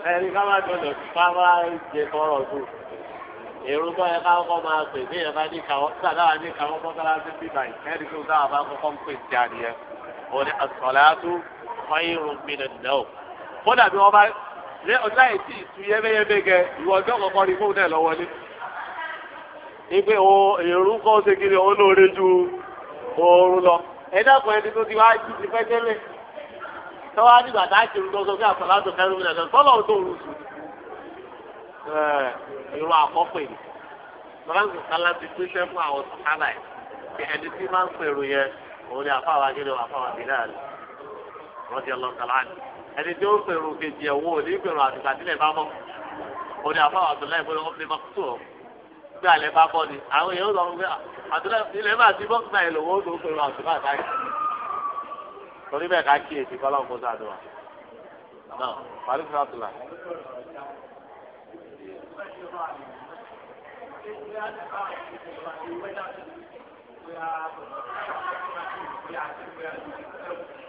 ẹni ká má gbọdọ̀ ká má jẹ kọ́rọ̀ tó èrò bọ́ ẹ ká kọ́ máa pè bí ẹ bá ní kàwọ́ sàdáwà ní kàwọ́ bọ́tàlá sí bíbá ìkẹ́rì tó dáwà bá kọ́kọ́ ń pè sí adìyẹ òun ni àsọ̀láàtú fáyìrún gbìnà náà kódà bí wọ́n bá lé ọjọ́ àìsí ìtú yẹ́mẹ́yẹ́mẹ́ gẹ ìwọ ọjọ́ kọ̀ọ̀kan ni fóun náà lọ́wọ́ ní. ìpè o èrò kọ́ ṣe kiri òun lóore ju oorun lọ ẹ dákun ẹni tó ti wá jù ti fẹ́ tẹ́lẹ̀ tọ́wọ́ àdìgbà tá a kiri tó sọ fún àtọ̀lá tó kẹrin mi lẹ́sẹ̀ tọ́lọ̀ tó rú sùn. irun àkọ́pẹ́ ni bàbá mi kàlá ti pín iṣẹ́ fún àwọn sàkálà ẹ̀ kí ẹni tí máa ń pèrò yẹn òun ni àfáwà akéde wà fáwà bílẹ̀ àlè rọ́ọ̀dì ọlọ́kàlá àlè ẹni tí ó ń pèrò kejì ẹ̀ wò ní pèrò àtìgbà tí lè bá mọ́ òun ni àfáwà àtọ̀lá ìbọn ọ̀pẹ máa tó ọ̀ gbé àlẹ́ bá bọ́ ni àwọn èèyàn lọ ah, ilẹ̀ máa ti bọ́ gbà ẹ̀ lọ́wọ́ ó lọ́ọ́ pèrò àtìgbà táyà torí bẹ́ẹ̀ ká kíyèsí kọ́ lọ́wọ́ kó sàdùn wa náà parí fún àtúlà. Thank you.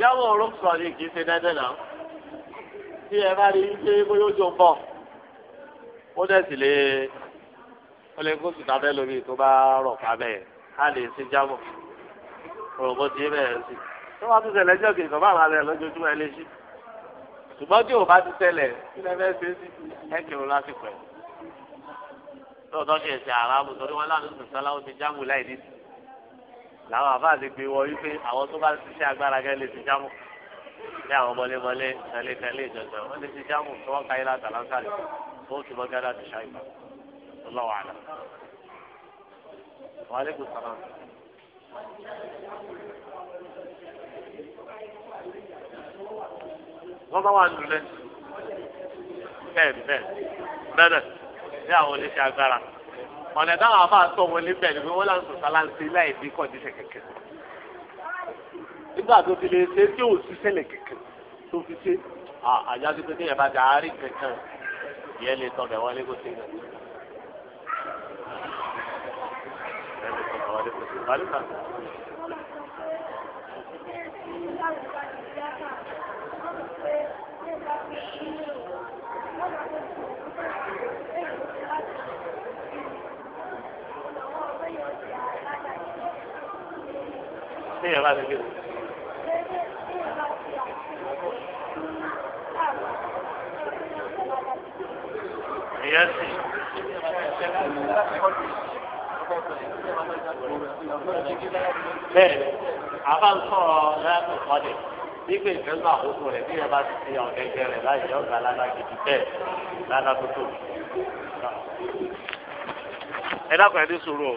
jáwọ́ orúkọ ni kì í ṣe dẹ́dẹ́ náà tí ẹ bá rí pé bóyá ó ń bọ̀ ó dẹ̀ sì ó lè kó sùtà bẹ́ẹ̀ lómi tó bá rọ̀ pa bẹ́ẹ̀ á lè ṣe jáwọ́ òròbó ti bẹ́ẹ̀ sí tó bá tún ṣẹlẹ̀ jọ́ kìí sọ́bà máa rẹ̀ lójoojúmọ́ ẹ lé sí ṣùgbọ́n tí ò bá ti ṣẹlẹ̀ kí lẹ́ fẹ́ ṣe sí ẹ kìí lásìkò ẹ̀ lóòótọ́ kìí ṣe àrà àbùtọ́ làwọn àfa ti gbé wọ wípé àwọn tó bá ṣiṣẹ́ agbára gẹ́gẹ́ lè ti jámù ní àwọn mọlémọlé tẹ̀lé tẹ̀lé ìjọsìn wọ́n lè ti jámù tí wọ́n káyé láti àlàkàlẹ̀ tó ti mọ́ gádà ti ṣáìbà ọlọ́wọ́ àlà. wàá lè kó sọ̀rọ̀. wọ́n bá wà nílẹ̀ bẹ́ẹ̀ bẹ́ẹ̀ bẹ́ẹ̀ ní àwọn oníṣẹ́ agbára ọ̀nà táwọn afa tó wọn níbẹ̀ ni wọ́n láǹtò sáláǹtì láì bí kọ́ndíṣẹ̀ kẹ̀kẹ́ nígbà tó fi lè ṣe tí ò sí ṣẹlẹ̀ kẹ̀kẹ́ tó fi ṣe àjá tó kékeré bá dà á rí kẹ̀kẹ́ yẹn lè tọ̀ bẹ̀ wọlé kó ṣe náà. Thank you. ní ìyàrá ti kéde. ìyẹn sì. bẹ́ẹ̀ àbá ń sọ̀rọ̀ láti kọ́lé nígbà ìfẹ́lú àkókò rẹ̀ bí ẹ bá ti fi ọ̀gá ẹgbẹ́ rẹ̀ láyé ọ̀gá lánà gidi bẹ́ẹ̀ lánà tó tóbi. ẹ dákun ẹ ní sùúrù